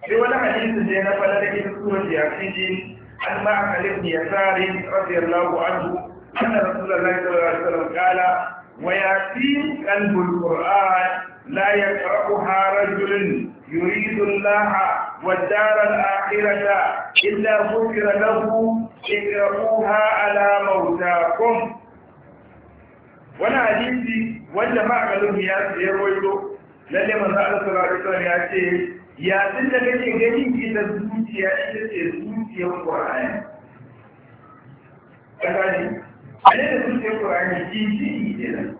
في ولا حديث زينة فلا تجد في ياسين عن معقل بن يسار رضي الله عنه أن رسول الله صلى الله عليه وسلم قال وياسين قلب القرآن لا يقرأها رجل يريد الله والدار الآخرة إلا غفر له اقرأوها على موتاكم ولا حديث وجمع قلب ياسين يرويه لن يمنع الله صلى الله عليه وسلم ya yayin da kake ganin ke da zuciya ita ce zuciyar ƙwararren ƙasari a ne da zuciyar ƙwararren shi shi ne nan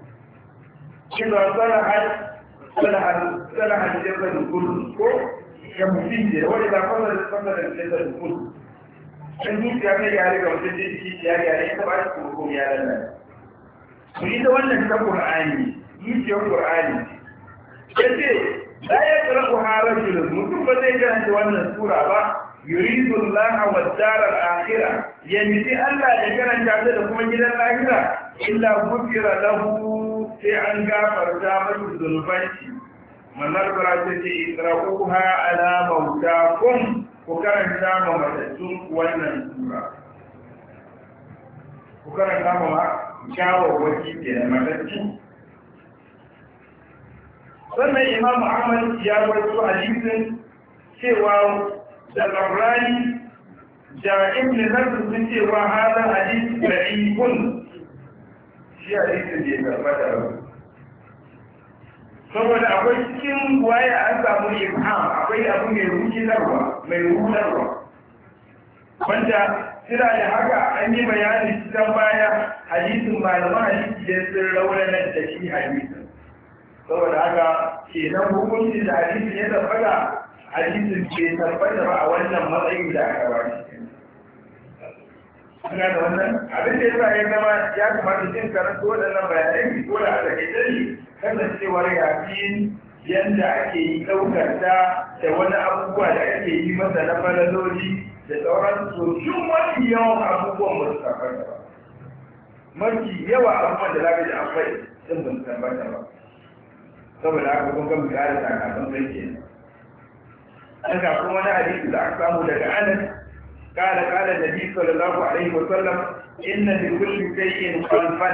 kiza sarahar sarahar jirgin gudu ko ya mutum ne wani ba kwanar da fasa da jirgin gudu kan zuciya mai yare ga mutum jirgin shi ya yare ita ba shi kuma kuma yare nan yi da wannan ta ƙwararren zuciyar ƙwararren ya ce la yaqra'uha rajulun mutum ba zai karanta wannan tura ba yuridu laha wa daral akhirah yanzu Allah ya karanta ta da kuma gidan lahira illa ghufira lahu sai an gafar ta zunuban shi manar ta ce ikra'uha ala mautakum ku karanta ma matattun wannan tura. ku karanta ma shawarwaki wajen da matattu sannan imam ahmad ya wato hadisin cewa da ɗaurari da ibn nasir sun cewa hada hadis da ikun shi hadisin da ya karɓa da saboda akwai cikin waya an samu imam akwai abu mai rukinarwa mai rukinarwa wanda sira da haka an yi bayani cikin baya hadisin malaman hadisi da sun raunanar da shi hadisin saboda haka kenan hukunci da hadisi ya tabbata hadisin ke tabbata ba a wannan matsayin da aka ba Ina da wannan abin da yasa ya zama ya kamata jin karanta waɗannan bayanai ko da a takaice ne kasancewar yafi yadda ake yi ɗaukar ta da wani abubuwa da ake yi masa na falaloli da sauran sojin mafi yawan abubuwan ba su tabbata ba. Mafi yawa abubuwan da za ka ji an sun ba su tabbata ba. saboda haka kun ga misali sakamakon sai ke nan ga kuma wani hadisi da aka samu daga anas قال قال النبي صلى الله عليه وسلم إن لكل شيء خلفا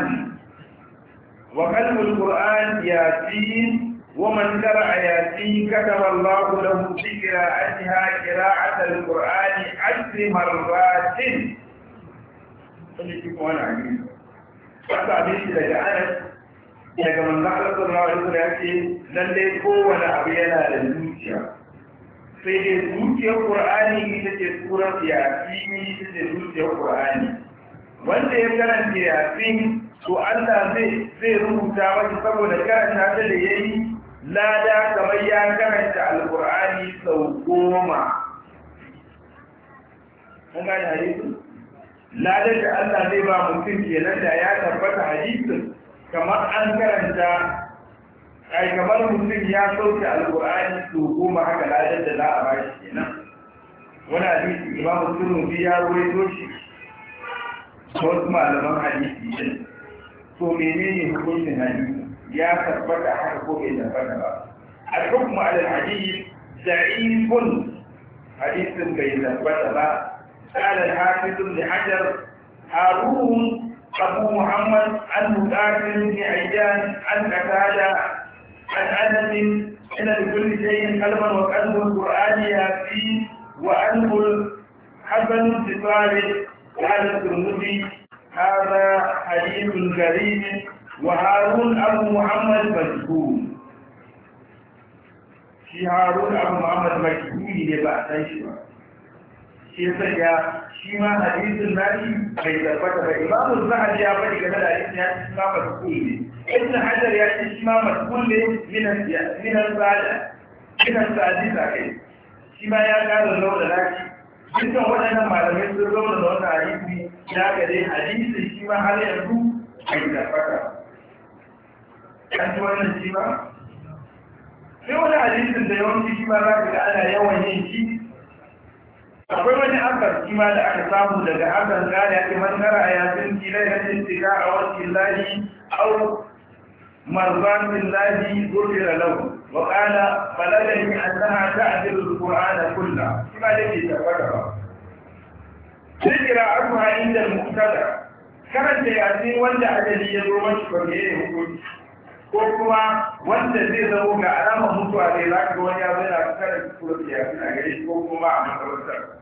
وقلب القرآن ياسين ومن قرأ ياسين كتب الله له في قراءتها قراءة القرآن عشر مرات قلت لكم أنا عجيب فأنت عبيت لك أنس daga manzan sallallahu alaihi wasallam ya ce lalle kowane abu yana da zuciya sai dai zuciyar qur'ani ita ce surar yasin ita ce zuciyar Kur'ani. wanda ya karanta yasin to Allah zai zai rubuta wani saboda karanta ta da yayi lada kamar ya karanta alqur'ani sau goma kun gane hadisin ladar da Allah zai ba mutum kenan da ya tabbata hadisin kamar an karanta ai kamar mutum ya sauke alƙur'ani su goma haka ladar da za a ba shi kenan wani hadisi imamu turmuzi ya ruwaito shi wasu malaman hadisi din to menene hukuncin hadisi ya tabbata haka ko bai tabbata ba al-hukmu ala al-hadith da'ifun hadisin bai tabbata ba قال الحافظ ابن حجر هارون أبو محمد عن مكاتب بن عيان عن قتادة عن أنس إن لكل شيء قلبا وقلب القرآن يأتي وأنف حسن الصالح قال الترمذي هذا حديث كريم وهارون أبو محمد مجهول في هارون أبو محمد مجهول لبعث شباب shi ya sanya shi ma hadisin nashi bai tabbata ba imamu zahar ya faɗi game da hadisin ya ci ma matkul ne ibn hajar ya ci shi ma matkul ne minan tsada minan tsadi da kai shi ma ya ƙara launa nashi dukkan waɗannan malamai sun launa da wannan hadisi ya ga dai hadisin shi ma har yanzu bai tabbata an ci wannan shi ma sai wani hadisin da yawanci shi ma za ka ga ana yawan yin shi akwai asar shi ma da aka samu daga hasan gane ake mangara a yasin ki lai na cintika a wajen lahi au marzatin lahi da lau wa kala baladani annaha ta'dilu alqur'ana kullahu shi ma da ke tabbata ba a kuma inda muktada karanta yasin wanda ajali ya zo mashi kwaye ya hukunci ko kuma wanda zai zama ga alama mutuwa ne za ka ga wani ya yana karanta suratul yasin a gare ko kuma a makarantar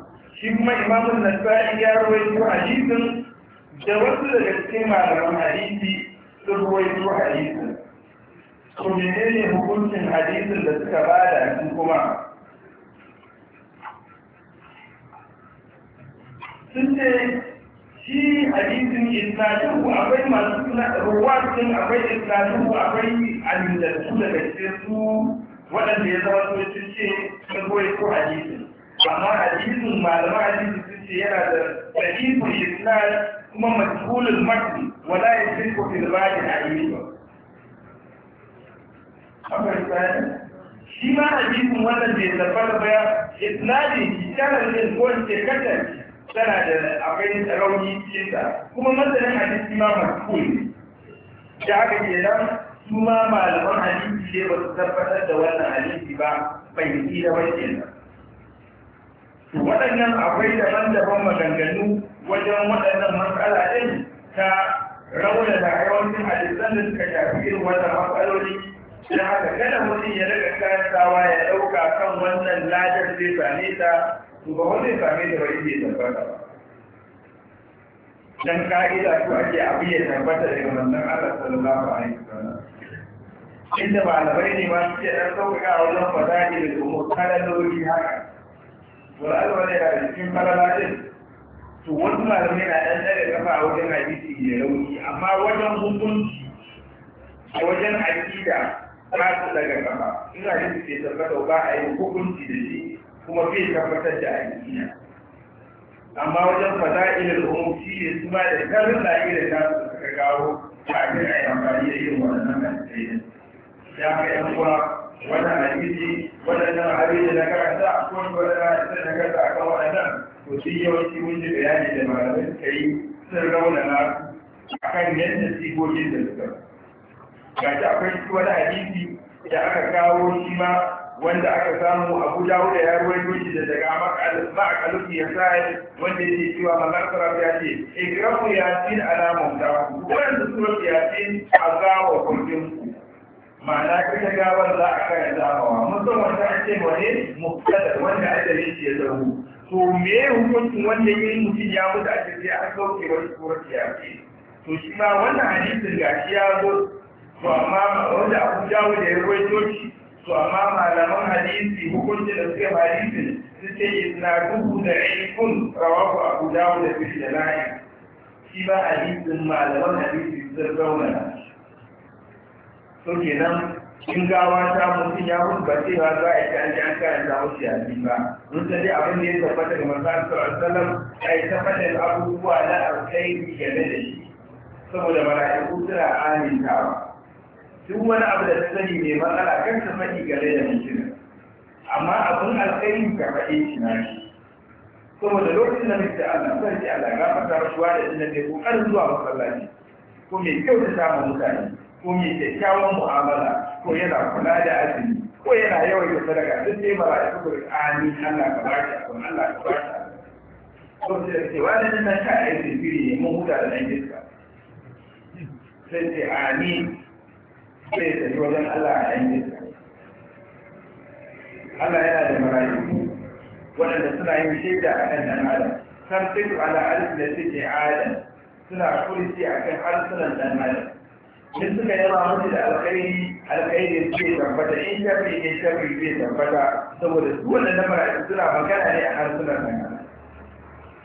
shi kuma imamun nasa'i ya rawaito hadisin da wasu daga cikin malaman hadisi sun rawaito hadisin to ne hukuncin hadisin da suka bada su kuma sun ce shi hadisin isnadin ku akwai masu ruwa cikin akwai isnadin ku akwai amintattu daga cikin su waɗanda ya zama sun ce sun rawaito hadisin amma hadisin malaman hadisi sun ce yana da sahihul suna kuma majhulul matn wala ya yasihu fil rajih ayyuba amma shi ma hadisin wannan da ya bai tabbata ba isnadin kitaran din ko ce katan tana da akwai rauni cikin ta kuma masanin hadisi ma majhul da haka kenan su ma malaman hadisi ne ba su tabbatar da wannan hadisi ba bai yi da wajen nan waɗannan akwai daban-daban maganganu wajen waɗannan matsala ɗin ta rauna da yawancin hadisan da suka shafi irin wata matsaloli da haka kada mutum ya daga karantawa ya ɗauka kan wannan lajar zai same ta to ba wani same ta bai zai tabbata ba dan ka'ida ko ake abu ya tabbata daga manzon Allah sallallahu alaihi wasallam inda ba ne ma suke ɗan sauƙaƙa wajen fada'i da kada kalaloli haka Wani to alwala da cikin falala din to wani malamai na ɗan ɗaga kafa a wajen hadisi da rauni amma wajen hukunci a wajen aƙida ba su daga kafa in hadisi ke tabbata ba a yi hukunci da shi kuma bai tabbatar da aƙida amma wajen fada'ilul umum shi ne su ma da karin da irin da su suka gawo ba a yi amfani da irin waɗannan hadisai ya ga yan uwa wannan hadisi waɗannan abin da na karanta ko waɗannan hadisan na karanta akan waɗannan to sun yawanci mun ji bayani da malamai suka yi sun a kan yadda sigogin da suka shi akwai wani hadisi da aka kawo shi ma wanda aka samu abu dawo da ya ruwan shi da daga ma'akaluki ya sa wanda ya ce cewa malar ya ce ikramu yasin alamun da wanda suna yasin a gawa kundin ma'ana ta gabar za a kai zafawa musamman ta ce wani muktadar wanda shi ya zaru to me hukuncin wanda yin mutum ya mutu a cikin a sauke wani tsoron ya ce to shi ma wannan hadisin ga shi ya zo to amma wanda abu jawo da ya rawaito shi to amma malaman hadisi hukuncin da suka hadisin su ce duhu da ilkun rawahu abu jawo da bishilahi shi ba hadisin malaman hadisi sun zauna to kenan in gawa ta mutum ya mutu ba cewa za a yi an ji an wuce a yaji ba mun sani abin da ya tabbata ga masu sallam ya yi da abubuwa na alkhairi game da shi saboda mala'iku suna amintawa duk wani abu da ta sani mai matsala kan ta faɗi gare da mutum amma abin alkhairi ka faɗi shi na shi saboda lokacin da mutum Allah sai Allah ya gafarta rashuwa da inda bai kokarin zuwa masallaci ko mai kyau ta samu mutane ko mai kyakkyawan mu'amala ko yana kula da azumi ko yana yawan yin sadaka duk dai ba ya kuka amin Allah ka ba shi ko Allah ka ba shi ko sai ce wani nan ka yi zikiri ne mun huta da nan iska sai ce amin sai ta yi wajen Allah a nan iska Allah yana da marayu waɗanda suna yin shaida a kan nan adam san sai ala alif da suke adam suna kurci a kan harsunan dan adam in suka yaba masu da alkhairi alkhairi zai tabbata in shafi ne shafi zai tabbata saboda su wannan na marayu suna magana ne a harsunan magana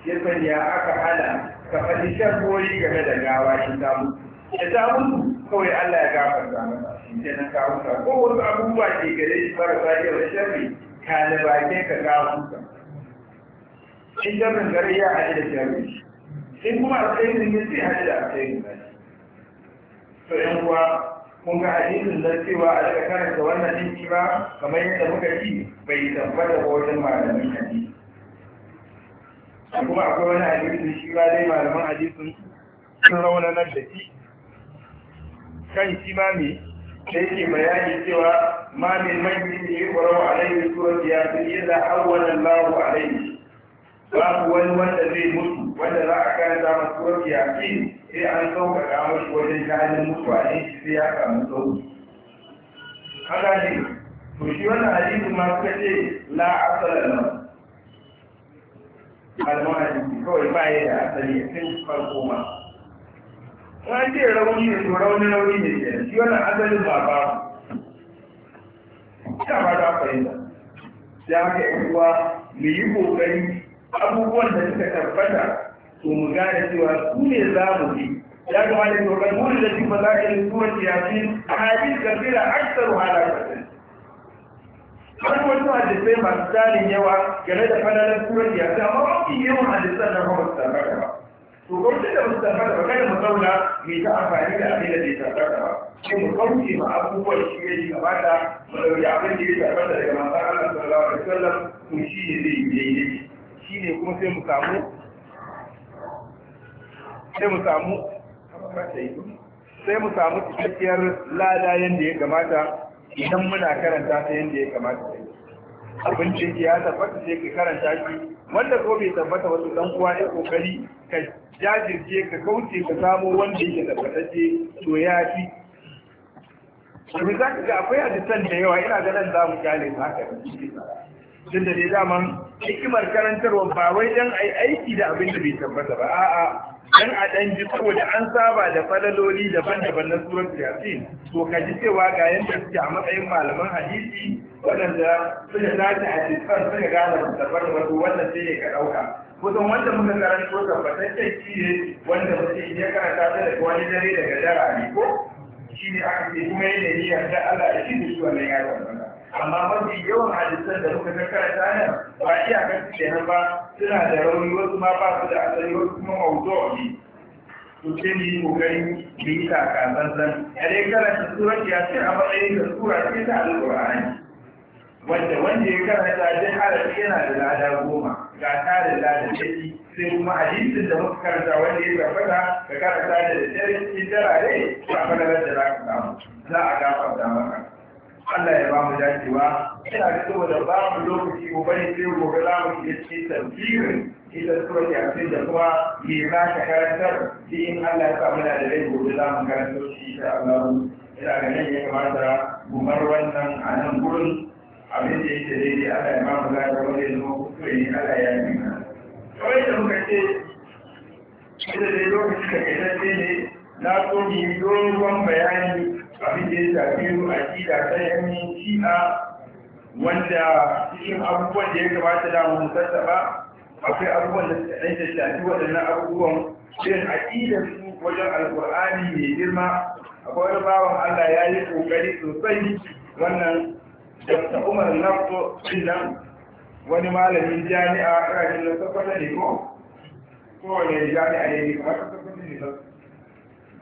yasan ya aka hana ka faɗi sharhori game da gawa shi ta mutu ya ta mutu kawai Allah ya gafarta masa shi na nan ka huta ko wasu abubuwa ke gare shi marasa yau da sharri ka da bakin ka ka in sharrin gare ya haɗu da sharri in kuma alkhairin ne sai haɗu da alkhairin to yan uwa kun ga hadisin da cewa a daga karanta wannan dinki ba kamar yadda muka ci bai tabbata ba wajen malamin hadisi kuma akwai wani hadisin shi ba dai malaman hadisin sun nan da shi kan shi ma me da yake bayani cewa ma min majlis ne ya kwarawa alaihi surat ya fi illa awwalan lahu alaihi babu wani wanda zai mutu wanda za a karanta masu warki a fi sai an sauƙaƙa mashi wajen halin mutuwa ne sai ya samu sauƙi haka ne to shi wannan hadisin ma suka ce la asala lahu malaman hadisi kawai ba ya da asali tun farko ma wani ce rauni ne to rauni rauni ne ke shi wannan asalin ba ba ina ba ta fahimta sai haka yan uwa mu yi ƙoƙari abubuwan da suka tabbata to mu gane cewa su ne za mu bi ya kamata to kan wani da cikin za ka yi suwar yasin a hadin kafira aksar halakatin har wasu hadisai masu tsarin yawa game da fadalar suwar yasin amma mafi yawan hadisan na kuma su tabbata ba to gwamnati da musu tabbata ba kada mu zauna mai ta amfani da abin da bai tabbata ba sai mu kauce ma abubuwan shi ya yi gabata mu ɗauki abin da ya tabbata daga manzan Allah sallallahu alaihi wasallam to shi ne zai yi daidai shine kuma sai mu samu sai mu samu sai mu samu cikakkiyar lada yadda ya kamata idan muna karanta ta yadda ya kamata abin da ya tabbata sai ka karanta shi wanda ko bai tabbata wasu dan uwa ya kokari ka jajirce ka kauce ka samo wanda yake ce to ya fi domin za ka ga akwai hadisan da yawa ina ganin za mu kyale haka tun da dai daman hikimar karantarwa ba wai dan ai aiki da abin da bai tabbata ba a'a dan a dan ji saboda an saba da falaloli daban-daban na surar yasin to ka ji cewa ga yanda suke a matsayin malaman hadisi waɗanda suka dace a cikin suka gane tabbar wato wannan sai ka ɗauka kusan wanda muka karanto tabbataccen shi ne wanda mutum ya karanta ta daga wani dare daga dara ne ko shi ne aka ce kuma yanayi da Allah ya shi da shi wannan ya tabbata amma mafi yawan hadisan da muka ta nan ba kan su kenan ba suna da rauni wasu ma ba su da asali wasu kuma a ne su ce mu yi kokari da yi ta zanzan a dai karanta surar ya ce a matsayin da sura ce ta alƙur'ani wanda wanda ya karanta jin harafi yana da lada goma ga da lada ɗari sai kuma hadisin da muka karanta wanda ya tabbata ka karanta da jirgin cikin darare ba falalar da za za a gafarta maka Allah ya ba mu dacewa ina ga da ba mu lokaci ko bane sai gobe za mu iya ci tafsirin ita sura ya ce da kuma yi ba ka karantar shi in Allah ya sa muna da rai gobe za mu karanta shi insha Allah ina ga nan ya kamata mu wannan a nan gurin abin da yake daidai Allah ya ba mu lafiya wanda ya zama kuskure ne Allah ya yi mana kawai da muka ce ita dai lokaci da kai ne na so mu yi dogon bayani abin da ya shafi da ta yanyin shi'a wanda cikin abubuwan da ya kamata da mu ba akwai abubuwan da suka ɗan shafi waɗannan abubuwan irin aƙidar su wajen alƙur'ani mai girma akwai wani bawan Allah ya yi ƙoƙari sosai wannan da Umar Nafto din nan wani malamin jami'a ƙarashin na sakwata ne ko kowane jami'a ne ne ba ta sakwata ne ba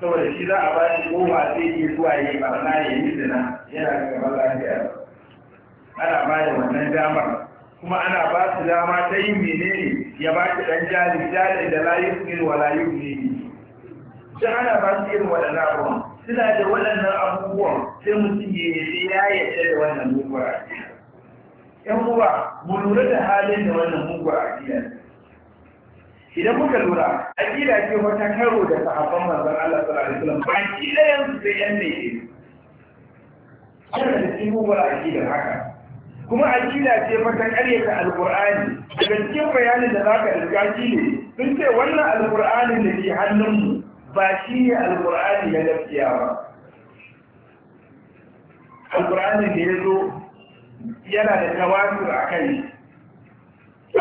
saboda shi za a bashi goma sai yi zuwa yi barna ya yi zina yana gaban lafiya ana ba da wannan damar kuma ana ba su dama ta yin menene ya ba shi dan jari jari da layu ne wa layu ne shi ana ba su irin waɗannan abubuwan suna da waɗannan abubuwan sai mutum ya yi ya yarda da wannan muguwar ajiya yan uwa mu lura da halin da wannan muguwar ajiya idan muka lura aƙida ce wata karo da sahabban manzon Allah sallallahu alaihi wasallam ba ki ɗayan su sai yan ne ke ana da cikin mugun aƙida haka kuma aƙida ce wata ta alƙur'ani daga cikin bayanin da zaka riga shi ne sun ce wannan alƙur'ani da ke hannunmu ba shi ne alƙur'ani na gaskiya ba alƙur'ani da ya zo yana da tawatur a kai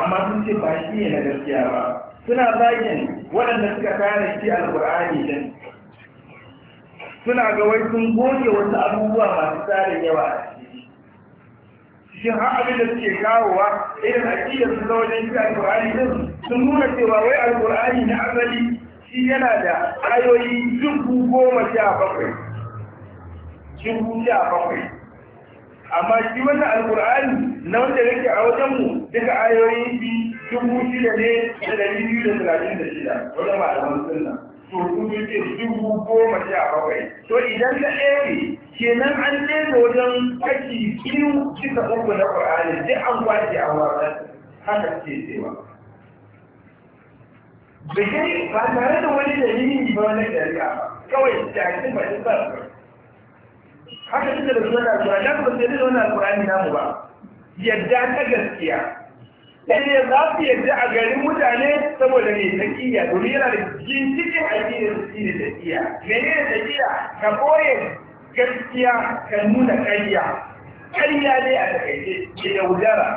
amma sun ce ba shi ne na gaskiya ba suna zagin waɗanda suka kare shi alƙur'ani din suna ga wai sun goge wasu abubuwa masu tsarin yawa a ciki shin har abin da suke kawowa irin aƙidar su ta wajen shi alƙur'ani din sun nuna cewa wai alƙur'ani na asali shi yana da ayoyi dubu goma sha bakwai dubu sha bakwai amma shi wata alƙur'ani na wanda yake a wajenmu duka ayoyin biyu? dubu shida ne da ɗari biyu da talatin da shida wajen malaman sunna to dubu ce dubu goma sha bakwai to idan ka kenan an ɗebe wajen kashi biyu kisa uku na ƙur'ani duk an kwashe a wasan haka ce cewa bikin ba tare da wani dalili ba na shari'a kawai jaki ba ta haka suka da suna da ƙur'ani ba sai da suna da ƙur'ani namu ba yadda ta gaskiya sai za su yadda a garin mutane saboda mai taƙiyya domin yana da ginshiƙin addinin su ne taƙiyya mene ne taƙiyya ka koye gaskiya ka nuna ƙarya ƙarya ne a taƙaice ke yaudara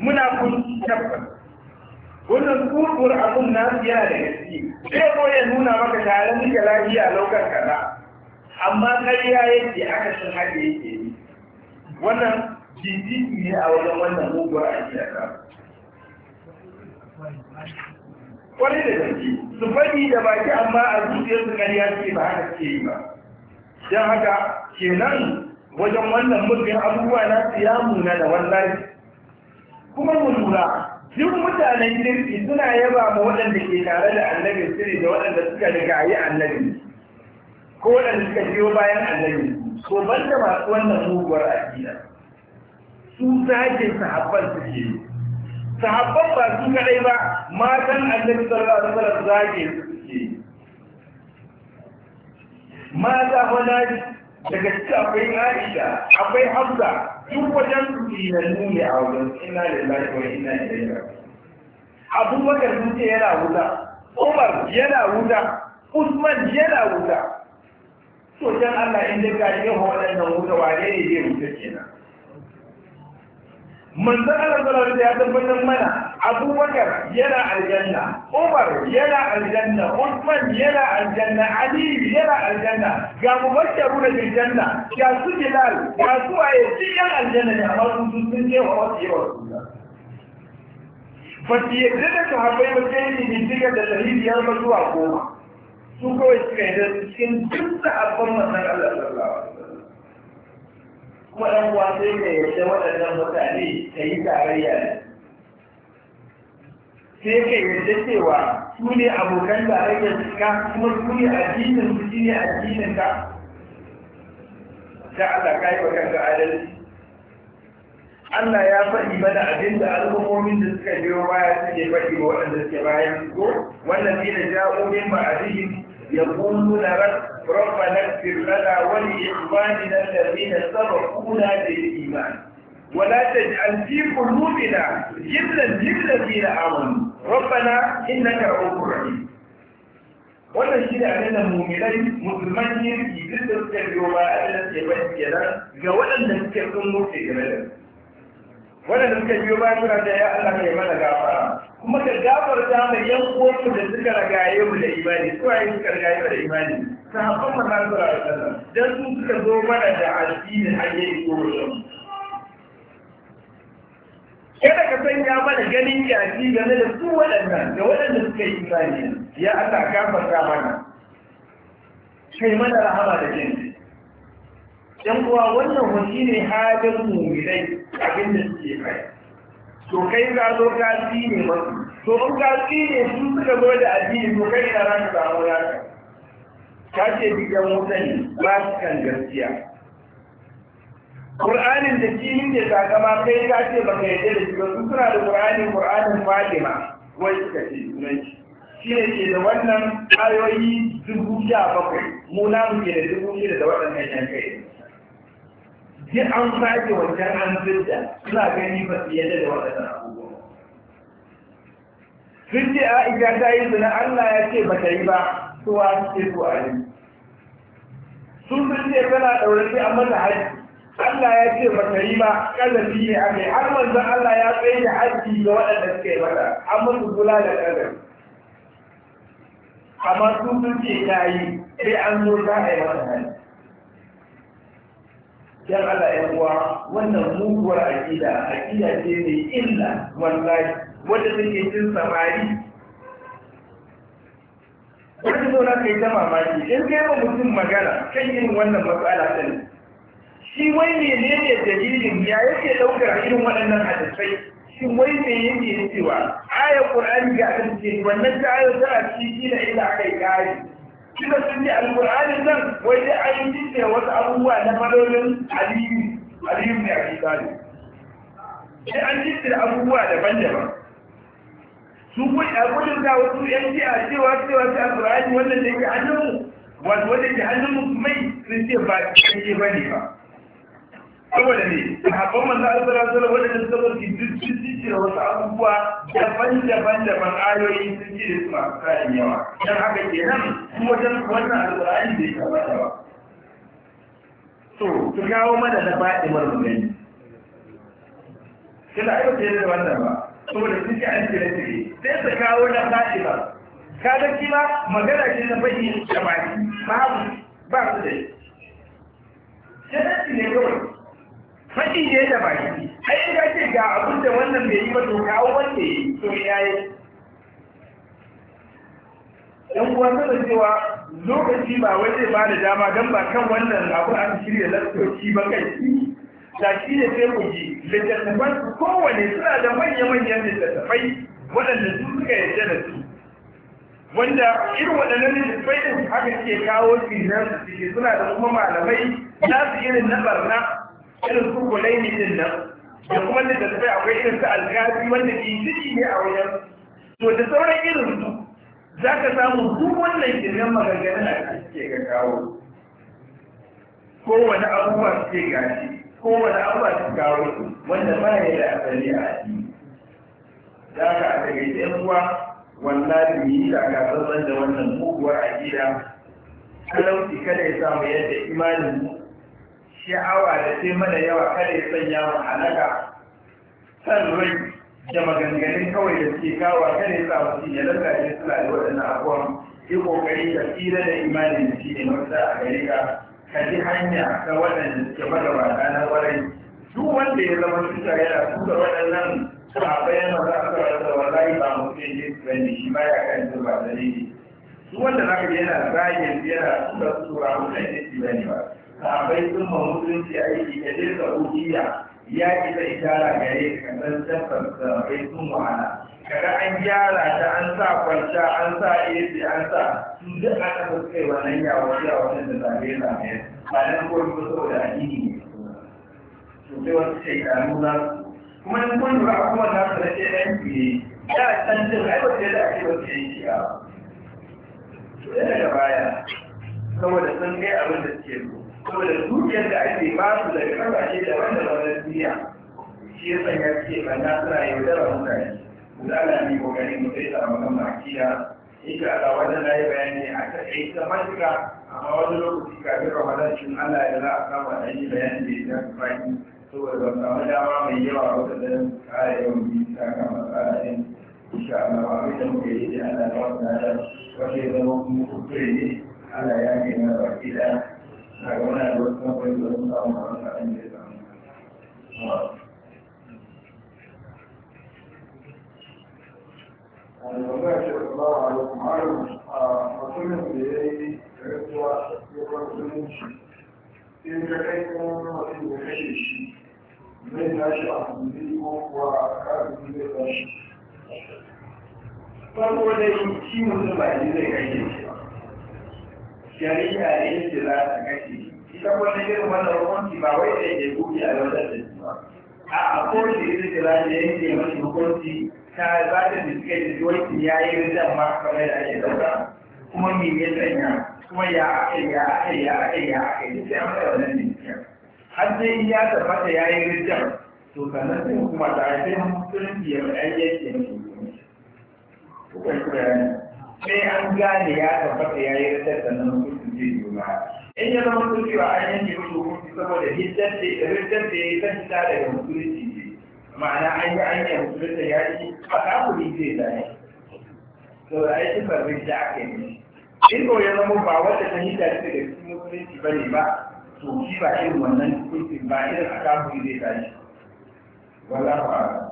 muna kun tabbata wannan kurkur abun na yana da gaske zai ko ya nuna maka tare da lafiya lokar kaza amma ƙarya yake aka san haka yake wannan jijiki ne a wajen wannan muguwar ajiyar kwarai da daki, su fadi da baki amma a zuciyarsu ƙarya ce ba haka ce yi ba don haka kenan wajen wannan mulkin abubuwa na siyamu na da wannan kuma mu lura duk mutanen kirki suna yaba ma waɗanda ke tare da annabi sirri da waɗanda suka daga yi annabi ko waɗanda suka biyo bayan annabi ko banda masu wannan muguwar aƙida su zagin sahabban suke yi sahabban ba su kaɗai ba matan annabi sallallahu alaihi wasallam zage suke mata wani daga cikin akwai Aisha akwai Hamza duk wajen su tilannu ne a wajen inna lillahi wa da ilaihi raji'un Abubakar sun ce yana wuta Umar yana wuta Usman yana wuta to dan Allah in dai ka yi waɗannan wuta wa ne zai wuta kenan manzon Allah da alaihi ya tabbatar mana Abubakar yana aljanna Umar yana aljanna Usman yana aljanna Ali yana aljanna ga mubashiru da aljanna ga su Bilal ga su Ayi cikin aljanna ne amma sun sun je wa wasu yawa ba su yadda da sahabbai ba sai ne bindiga da sahihiyar ba zuwa goma su kawai suka yi da cikin duk sahabban manzon Allah sallallahu kuma ɗan uwa sai ka yarda waɗannan mutane ka yi tarayya ne sai ka yarda cewa su ne abokan tarayyar ka kuma su ne addinin su shi ne addinin ka Ta Allah ka yi wa kanka adalci Allah ya faɗi mana abin da al'ummomin da suka biyo baya suke faɗi wa waɗanda suke bayan su ko wannan ne da a min yankun yaquluna rabb ربنا اغفر لنا ولإخواننا الذين سبقونا بالإيمان ولا تجعل في قلوبنا غلا للذين آمنوا ربنا إنك رؤوف رحيم wannan shi ne abin da mumilai musulman ke duk da suka biyo ba a da ga waɗanda suke sun mutu game da su waɗanda suka biyo bayan suna da ya Allah mai mana gafara kuma ka gafarta ma yan uwanmu da suka ragaye mu da imani suwa yin suka ragaye mu da imani sahabban na tura da wasallam dan su suka zo mana da addini hanyar koyarwa kada ka sanya mana ganin yaki game da su waɗanda, da waɗanda suka yi imani ya Allah gafarta mana kai mana rahama da jinsi ɗan kuwa wannan wasi ne mu mumirai abin da suke kai to kai za zo ka ne masu to in ka ne su suka zo da addini to kai na rasu da hau ya ka ce bigan mutane ba su kan gaskiya ƙur'anin da kinin da gama kai ka ce ba ka yadda da shi ba su suna da ƙur'anin ƙur'anin Fatima wai suka ce sunan shi shi ne ke da wannan ayoyi dubu sha bakwai mu namu ke da dubu shida da waɗannan yankai kai duk an sake wajen an fidda suna gani ba su yadda da waɗannan abubuwa sun ce aisha ta yi zina allah ya ce ba ta yi ba su wa ce su a yi sun sun ce tana ɗaure sai an mata haji allah ya ce ba ta yi ba ƙazafi ne a kai har manzon allah ya tsaye da haji ga waɗanda suka yi mata an musu kula da ƙazafi amma sun sun ce ta yi sai an zo za a yi mata haji yan Allah ya uwa wannan muguwar aƙida aƙida ce ne illa wallahi wanda take cin samari wani zo na kai ta mamaki in kai ba mutum magana kan yin wannan matsala ɗin shi wai ne ne dalilin ya yake ɗaukar irin waɗannan hadisai shi wai ne yake cewa ayar ƙur'ani ga ta ce wannan ta ayar tana ciki da ila kai kari kina sun yi alƙur'anin nan wai dai an yi ne wasu abubuwa na malolin aliyu aliyu ne a kitali sai an yi da abubuwa daban-daban su kun yi gudun ga wasu yan a cewa cewa ta alƙur'ani wannan da ke hannunmu wanda ke mu mai sun ce ba ke ba ne ba saboda ne sahabban manzo Allah sallallahu alaihi wasallam dukkan wasu abubuwa daban-daban daban ayoyi sun masu kayan yawa dan haka nan kuma wajen wannan bai ba to su kawo mana da fa'imar mu kina wannan ba saboda sun ce an tire sai su kawo da kaga magana ce na fahimci da ba su da shi sai ne kawai mutum da ya da baki ai in ka ce ga abin da wannan bai yi ba to kawo wanda yi to ya yi dan uwa saboda cewa lokaci ba wai zai bada dama don ba kan wannan abu an shirya lantarki ba kai da shi ne sai ku ji littattafan kowane suna da manya-manyan littattafai waɗanda su suka yarda da su wanda irin waɗannan littattafai din haka ke kawo su nan su suna da kuma malamai za su irin na barna irin su gulaini din nan da kuma littattafai akwai irin su alkafi wanda ke jiki ne a wajen to da sauran irin su za ka samu duk wannan kirgan maganganun a suke ga kawo kowane abubuwa suke gashi kowane abubuwa su kawo wanda ba ya da asali a addini za ka a daga yan uwa wallahi da yi kakatsantsan da wannan muguwar aƙida talauci kada ya samu yadda imanin sha'awa da sai mana yawa kada ya sanya mu halaka san rai da maganganun kawai da suke kawo kada ya sa mutum ya lalace suna da waɗannan abubuwan yi kokari da tsira da imanin da shi ne mafita a gare ka ka ji hanya ta waɗanda suke magabata na ƙwarai duk wanda ya zama cuta yana tura waɗannan sabai yana za a kawai da wallahi ba mu mutum ne su bane shi ba ya kan ba da ne duk wanda za ka yana zagin yana tura tura mutum ya ji bane ba sahabbai sun ma aiki da ujiya ya ki ta ishara gare ka kan dabbar sahabbai sun wahala kada an gyara ta an sa kwanta, an sa AC, an sa duk an taɓa kai wannan yawon yawon da zaɓe zaɓe ba na ko ko saboda addini ne to sai wasu shekaru za su kuma in kun lura kuma na su rage ɗan ne da can jin aiwata da ake wasu yan shi'a to yana da baya saboda sun kai abin da suke so saboda dukiyar da ake ba su daga kasashe da wanda ba na duniya shi ya sanya ce ba na suna yaudara mutane mu zala ne kokarin mu sai samu kan makiya insha Allah wannan na yi bayani a ta yi ta matuka amma wani lokaci kafin Ramadan shi Allah ya za a samu a ɗan yi bayani da ya fahimci saboda ba samu dama mai yawa a wata ɗan ƙara yawan biyu ta kama tsara ɗin insha Allah ba abin da muke yi da Allah ya wata da wasu ya zama kuma kuskure ne Allah ya ke na baki da. a ga wani abu kuma kwai da wasu samun a wani kaɗan da ya samu a da ba ce da ba a yau kuma a mutumin da ya yi rikuwa ya kwar zumunci sai ka kai kuma mutum da kashe shi zai tashi a kundin ko kuwa a ƙarfi zai tashi farko dai shi mutum ba ne zai shari'a ne ce za ta kashe ita kuma na girma wannan hukunci ba wai da ke buɗe a wajen da ba a kowace irin da za ta yanke mashi hukunci ta za ta diske da dokin ya yi rijan ma kamar da ake dauka kuma me ya sanya kuma ya aka ya aka ya aka ya aka yi sai an kai wannan binciken har sai ya tabbata ya yi rijan to sannan sai kuma ta sai musulunci ya yi yanke mashi hukunci. Kukan kura sai an gane ya tabbata ya yi rasar da nan hukuncin zai yi ba in ya zama sun cewa an yi musu hukunci saboda hiddar da ya da ya yi san daga musulunci ne ma'ana an yi an yi da ya yi a kakuri zai zane to da aiki barbin da aka yi in ko ya zama ba wanda ta hita da cikin musulunci ba ne ba to shi ba irin wannan hukuncin ba irin a kakuri zai zane wallahu a'lam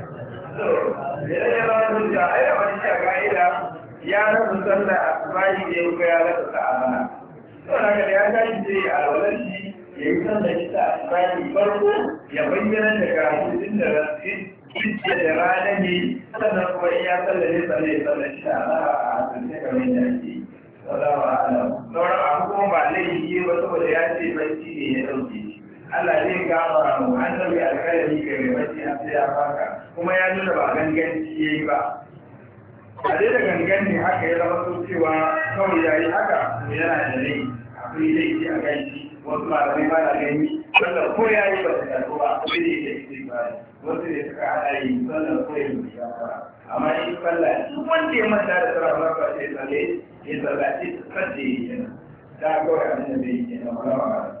ya ba su a ka'ida ya rasu da ya rasu ta amana to na ga ya tashi zai a shi ya yi sanda shi ta asbahi farko ya bayyana da kafin da rasu cikin da rana ne sannan kuma in ya tsallale tsalle tsalle shi a a tsalle kamar da ake salama alam sauran abubuwan ba laifi ba saboda ya ce bacci ne ya ɗauke shi Allah zai gaba mu an tabi alƙalami kai mai mace a sai ya baka kuma ya nuna ba ganganci ya yi ba a dai da gangan ne haka ya zama so cewa kawai ya yi haka Mu yana da rai akwai laifi a kan shi wasu malamai ba da gani wanda ko ya yi ba da tafi ba akwai da ya yi ba wasu da suka haɗa yi wanda ko ya yi shafara amma shi sallah duk wanda ya manta da sallar ba ba sai tsalle ya tsallace ta tsalle ya yi kenan ta kawai abin da bai yi kenan wani ba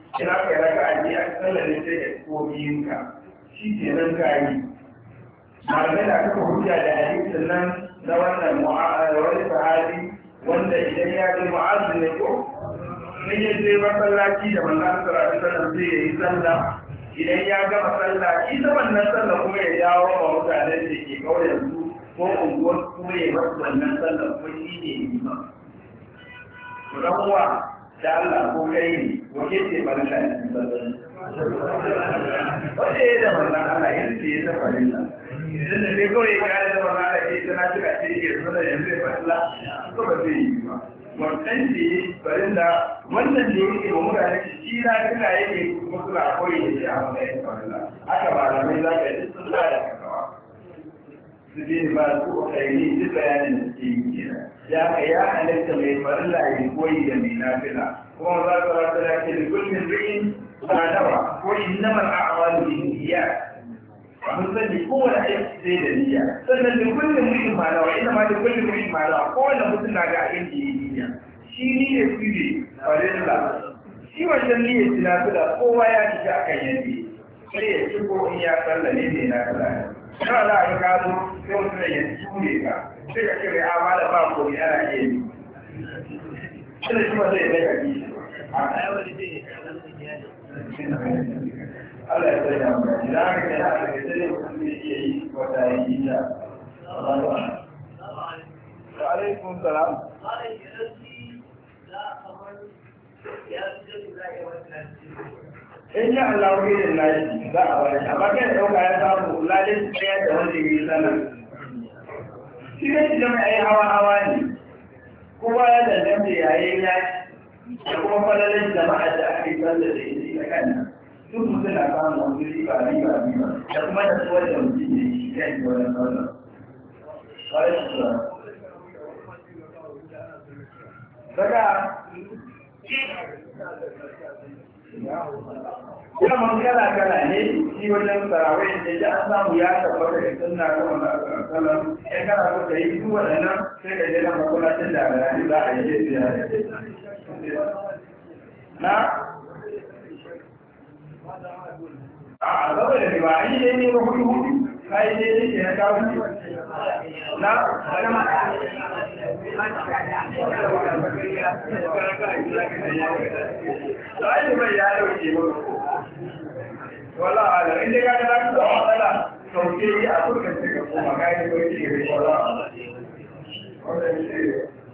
kira ka raka a biya tsallale sai da kofin ka shi ke nan ka yi malamai da aka hujja da hadisin nan na wannan eh, wani sahabi wanda idan ya ji mu'azin ne ko in yi je masallaci da manzan sarari sallam sai yi sallah idan ya gama sallah ita wannan sallah kuma ya dawo ma mutanen da ke kauyen su ko unguwar kuma ya masu wannan sallah kuma shi ne yi ma. Ku ɗan da Allah ko kai ne wake ce farilla ne wace ya da wannan Allah yanzu ya ta farilla idan ne kawai ya da wannan Allah ke tana cika ce ke zama yanzu ya farilla ko ba zai yi ba wannan ce farilla wannan ne yake ne mutane shi na tana yake kuma suna koyi da shi a matsayin farilla haka ba da mai za yi sun da kasawa su je ba su ƙaini duk bayanin da suke yi kenan ya ka ya halatta mai farilla ya yi koyi da mai nafila kuma za ka rasa da ke da kullum rikin ba nawa ko innamar a'awalu bin A abin sani kowane aiki sai da niyya sannan da kullum rikin ba ina ma da kullum rikin ba nawa kowane mutum na ga abin da yi niyya shi ni niyyar su ne farilla shi wancan niyyar su nafila kowa ya shiga akan yanzu sai ya ci ko in ya sallame ne nafila yana za a yi gano sai ya jure ka sai ka kira ah, ya ba da ba ko ne ana iya yi shi da shi ba zai daga ji Allah ya tsaye da mu da haka ne haka ne sai mutum zai da yi wata yi ita wa alaikum salam ya fi da ya wata in ya Allah wani irin lashi za a bari amma kai ɗauka ya samu lalin ɗaya da wanda ya yi sanar shi ne shi jama'a ya hawa hawa ne kowa ya danganta yayin lashi da kuma falalin jama'a da ake sanda da isi da kan duk mutum na samun wani riba riba riba da kuma da tsohon da mutum ne shi kan yi wani Ba Daga Yaman kala-kala ne, shi wajen sarawai yadda ya an samu ya tabbata da sun na kuma na kalan, ya kana ko ka yi duk waɗannan sai ka je na makulacin da alhaji za a yi su yare. Na? A zaba da riba, an yi ne ne ba hudu hudu. kai ne ne ya kawo ne na kalama sai mai ya dauke mu wala ala inda ka ga ku da wala sauke yi a kurkan ce ka kuma kai ne ko ki ga wala wannan shi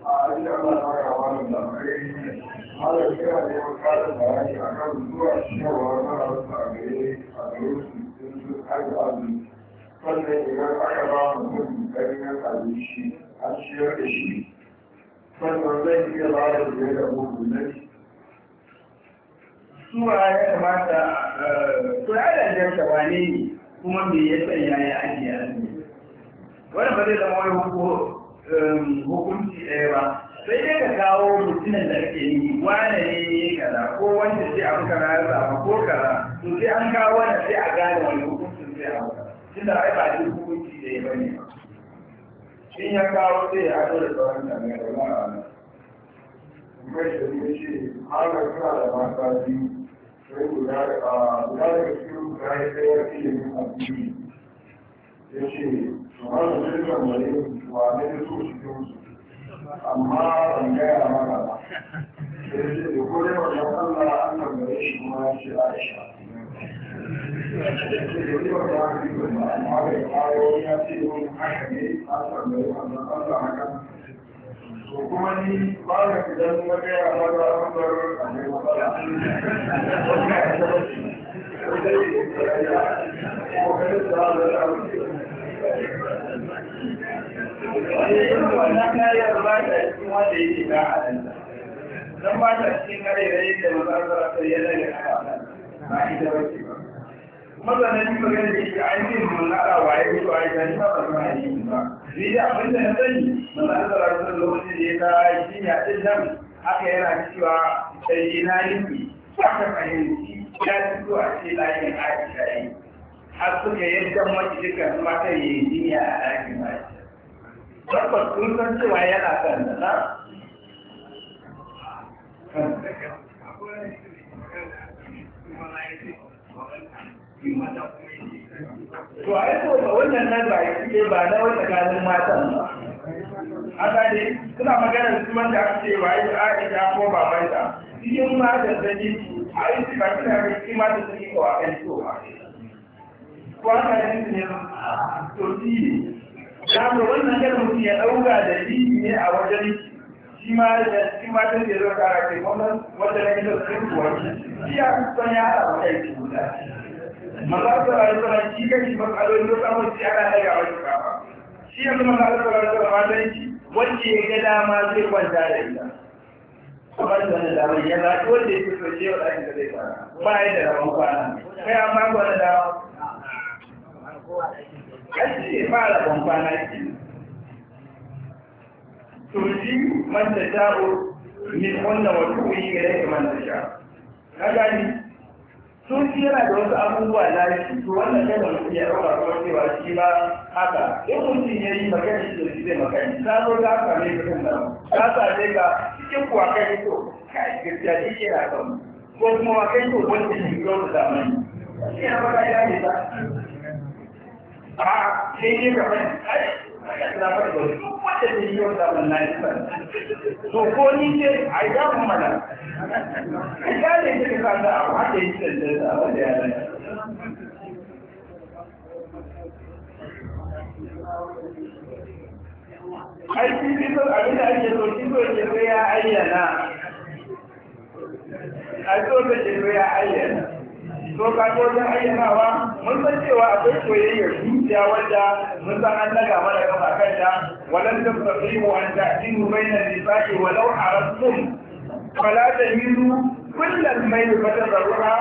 a inda ba ta ga wannan da kai ala kira ne ko ka da bayani akan zuwa cewa wala a gare a gare su sun har da azumi sannan idan aka ba mutum ganyen abinci an ciyar da shi sannan zai iya ba da fiye da mutunai suwa ya kamata kula eh, da janta wane ne kuma me ya sanya ya ajiye azumi wani ba zai zama wani hukunci ɗaya ba sai dai ka kawo mutumin da kake yi wane ne ya kaza ko wanda sai an kaza ya samu ko kaza to sai an kawo wanda sai a gane wani hukuncin sai a tunda ai ba duk hukunci da ya bane ba in ya kawo sai ya haɗo da sauran jami'ai da ba a nan kuma shi ne ce har suna da mata biyu sai guda da guda da cikin guda ya sai ya fi yin ya ce su har da shi kan wani wa ne da so su amma ban gaya maka ba sai ya ce da kodai wajen Allah an kan gare shi kuma ya ce Aisha kuma ni ba na ba da ba ta cikin wanda ba ta kare da yadda mazarfara sai ya zai ita ba ba mazanin yi magana da shi an yi mun nada waye ne to ai dan ba ba ma yi ba ni yi. abin da na sani mun nada da lokacin da ya ka shi ya din nan haka yana cewa sai ina yiki haka fahimci ya fito a ce layin Aisha yi har suka yadda mace duka mata yi jinya a ɗakin Aisha tabbas kun san cewa yana kan da na kan da kan to a yi ba wannan nan ba ya ba na wata ganin matan ba haka ne suna magana su wanda aka ce ba yi aisha ko babanta cikin matan da ji a yi su ba suna ga cikin matan da ji ko a kan so ba ko haka ne su ne to ji ne ya ga wannan ganin mutum ya ɗauka da ji ne a wajen shi ma da shi ma da zai zo kara kai wannan wanda ne da su kuwa shi ya kusan ya haɗa wa kai guda maza su rayu suna shi kashi matsaloli wasu amma shi ana ɗaga wani kafa shi yanzu maza su rayu suna shi wacce ya ga dama zai kwanta da ita kamar da wani damar ya zaɓi wanda ya fi so wa ɗakin da zai fara ba da ramar kwana kai an ba wani dama aiki ne fara kwamfana ki turji man da sha'o min wannan wata wuri ga yake man da fi yana da wasu abubuwa na shi, to wannan ne da mutum ya ɗauka ko shi ba haka. In mutum ya yi magana shi da zai magana. Ta zo ta same ka kan nan, ta same ka cikin kuwa kai to, kai gaskiya shi ke na kan. Ko kuma kai to wanda shi ga da zamani. Shi na faɗa ya ne ta. A sai ne ka faɗi, ai, ka na faɗi ba ta ne yau da wannan to ko ni ce a yi damu mana a yi ne ta ka kasa a wata yi cancan da wanda ya zai aiki bisan abin da ake so shi ke ya ayyana a so ke ya ayyana so kaga wajen ayyanawa mun san cewa akwai soyayyar zuciya wadda mun san an daga mana kafa kanta walan wa an ta'dinu bainan nisa'i walau harastum fala tamilu kullal mayl fatazarruha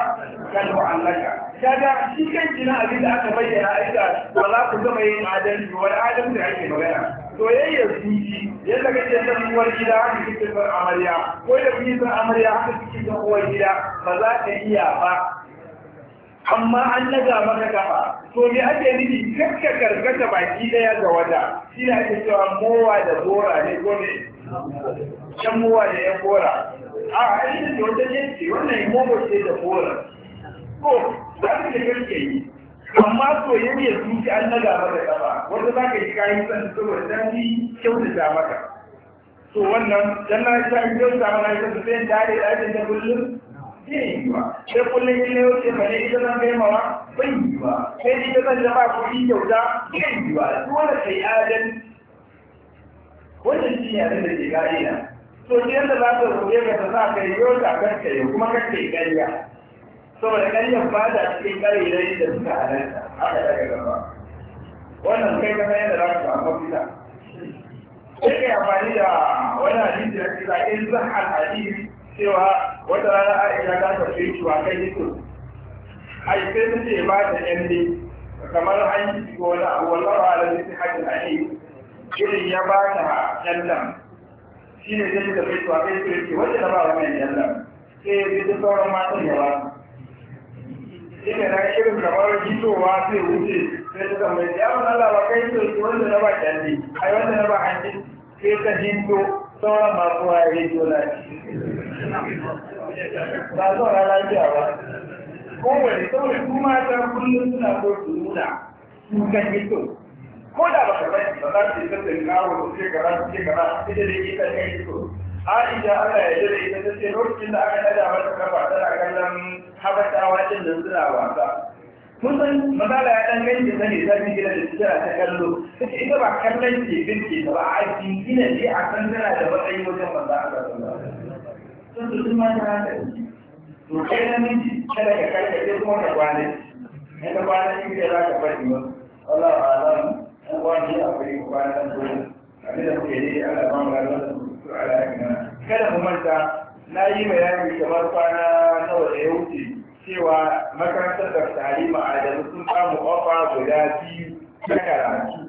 kan mu'allaka kaga shi kan jina abin da aka bayyana a aika ba za ku gama yin adalci wani adalci ake magana soyayyar suci yadda kake san uwar gida haka kike san amarya ko da kike san amarya haka kike san uwar gida ba za ka iya ba amma an daga maka kafa to me ake nufi kakka karkata baki daya ga wata shi ne ake cewa mowa da bora ne ko ne yan mowa da yan bora a ainihin da wata yanki wannan mowa ce da bora ko za ka da kake yi amma to su zuci an daga maka kafa wanda za ka yi kayan san saboda dan yi kyautata maka to wannan dan na sha kyautata maka sai dare da ajin da kullum zai yi ba sai kullum ile yau ce bane ita zan kai mawa bai yi ba sai ita zan zama kuɗi kyauta zai yi ba dole kai adalci wannan shi ne abin da ke ka'ida to shi yadda za ta roƙe ka ta sa ka yi yau ta kan ka yi kuma kan ka yi ƙarya saboda ƙaryar ba ta cikin ƙaryar da suka halarta haka daga gaba wannan kai ka san yadda za ka samu fita. sai ka yi amfani da wani hadisi da ke in zan al-hadisi cewa wata rana aisha ta tafi cewa kai nito ai sai ta ce ba ta yan kamar an yi ko wani abu wallahu ala zai hajji ahi irin ya ba ta yan shi ne zai tafi cewa kai nito ce wata da ba wannan yan nan sai zai ta sauran matan ya ba shi ne na irin kamar hitowa sai wuce sai ta tambaye ya wani Allah ba kai nito wanda na ba yan ne ai wanda na ba hanji sai ta hinto sauran masu waye hito na shi ba ba lafiya ba ba kawai kuma ta kullum suna so su nuna su kan yi so ko da ba ba ba za su ba sassan ba su ce gara su ce ba su ba da ba kan ba so ba Allah ya jira ita ta ba lokacin ba aka ba mata ba tana kallon habashawa ba nan suna wasa ba san ba ya dan ganci ba ta bi gida da tijara ta kallo ba ita ba kallon ce ba ta ba a cikin ba ne a kan tana da matsayi wajen ba Allah ba sun sun mata haka to kai na miji kada ka karkace kuma ka kwana in ka kwana shi da za ka faɗi ba Allah ba alam an kwani a kuri kwana nan to abin da kuke ne ala ban ga su ala yakna kada mu manta na yi bayani kamar kwana nawa da ya wuce cewa makarantar da tari ma'adalu sun samu ofa guda biyu ta karatu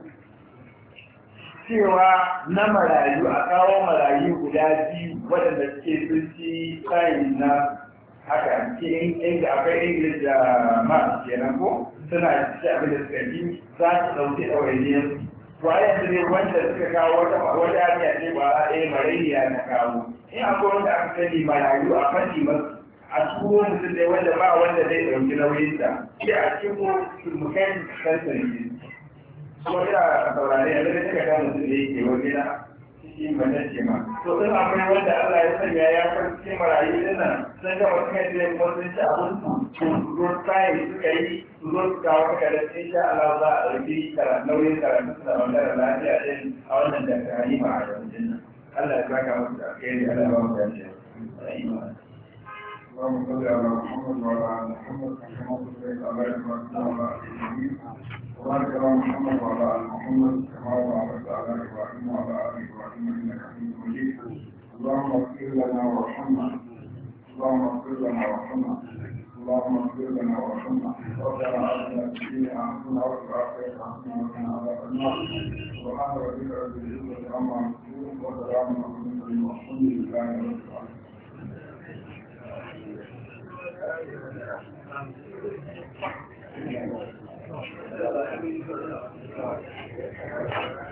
cewa na marayu a kawo marayu guda biyu waɗanda suke sun ci tsayin na haka ce inda akwai english da math kenan ko suna ci abin da suka yi za su da ɗawainiyar bayan su ne wanda suka kawo wata wata ariya ce ba a ɗaya ya na kawo in akwai wanda aka sani marayu a fanni masu a turo mutum ne wanda ba wanda zai ɗauki nauyinsa sai a cikin mu kai kansa ne kuma ina saurare yanzu da kika mutum da yake wani na cikin mana ce ma to in akwai wanda Allah ya sanya ya kwanci marayu din nan sun ga mutum ya ce kuma sun ci abin su zo tsayin suka yi su zo su kawo suka da sha Allah za a ɗauki nauyin karatu su da wanda da lafiya din a wannan da ta ba a yanzu Allah ya saka musu da alheri Allah ya ba mu dace. Amin. اللهم صل على محمد وعلى ال محمد كما صليت على ابراهيم وعلى ال ابراهيم وبارك على محمد وعلى ال محمد كما باركت على ابراهيم وعلى ال ابراهيم انك حميد مجيد اللهم اغفر لنا وارحمنا اللهم اغفر لنا وارحمنا اللهم اغفر لنا وارحمنا ربنا اتنا في الدنيا حسنه وفي الاخره حسنه وقنا عذاب النار سبحان ربك رب العزه عما يصفون وسلام على المرسلين والحمد لله رب العالمين Thank you.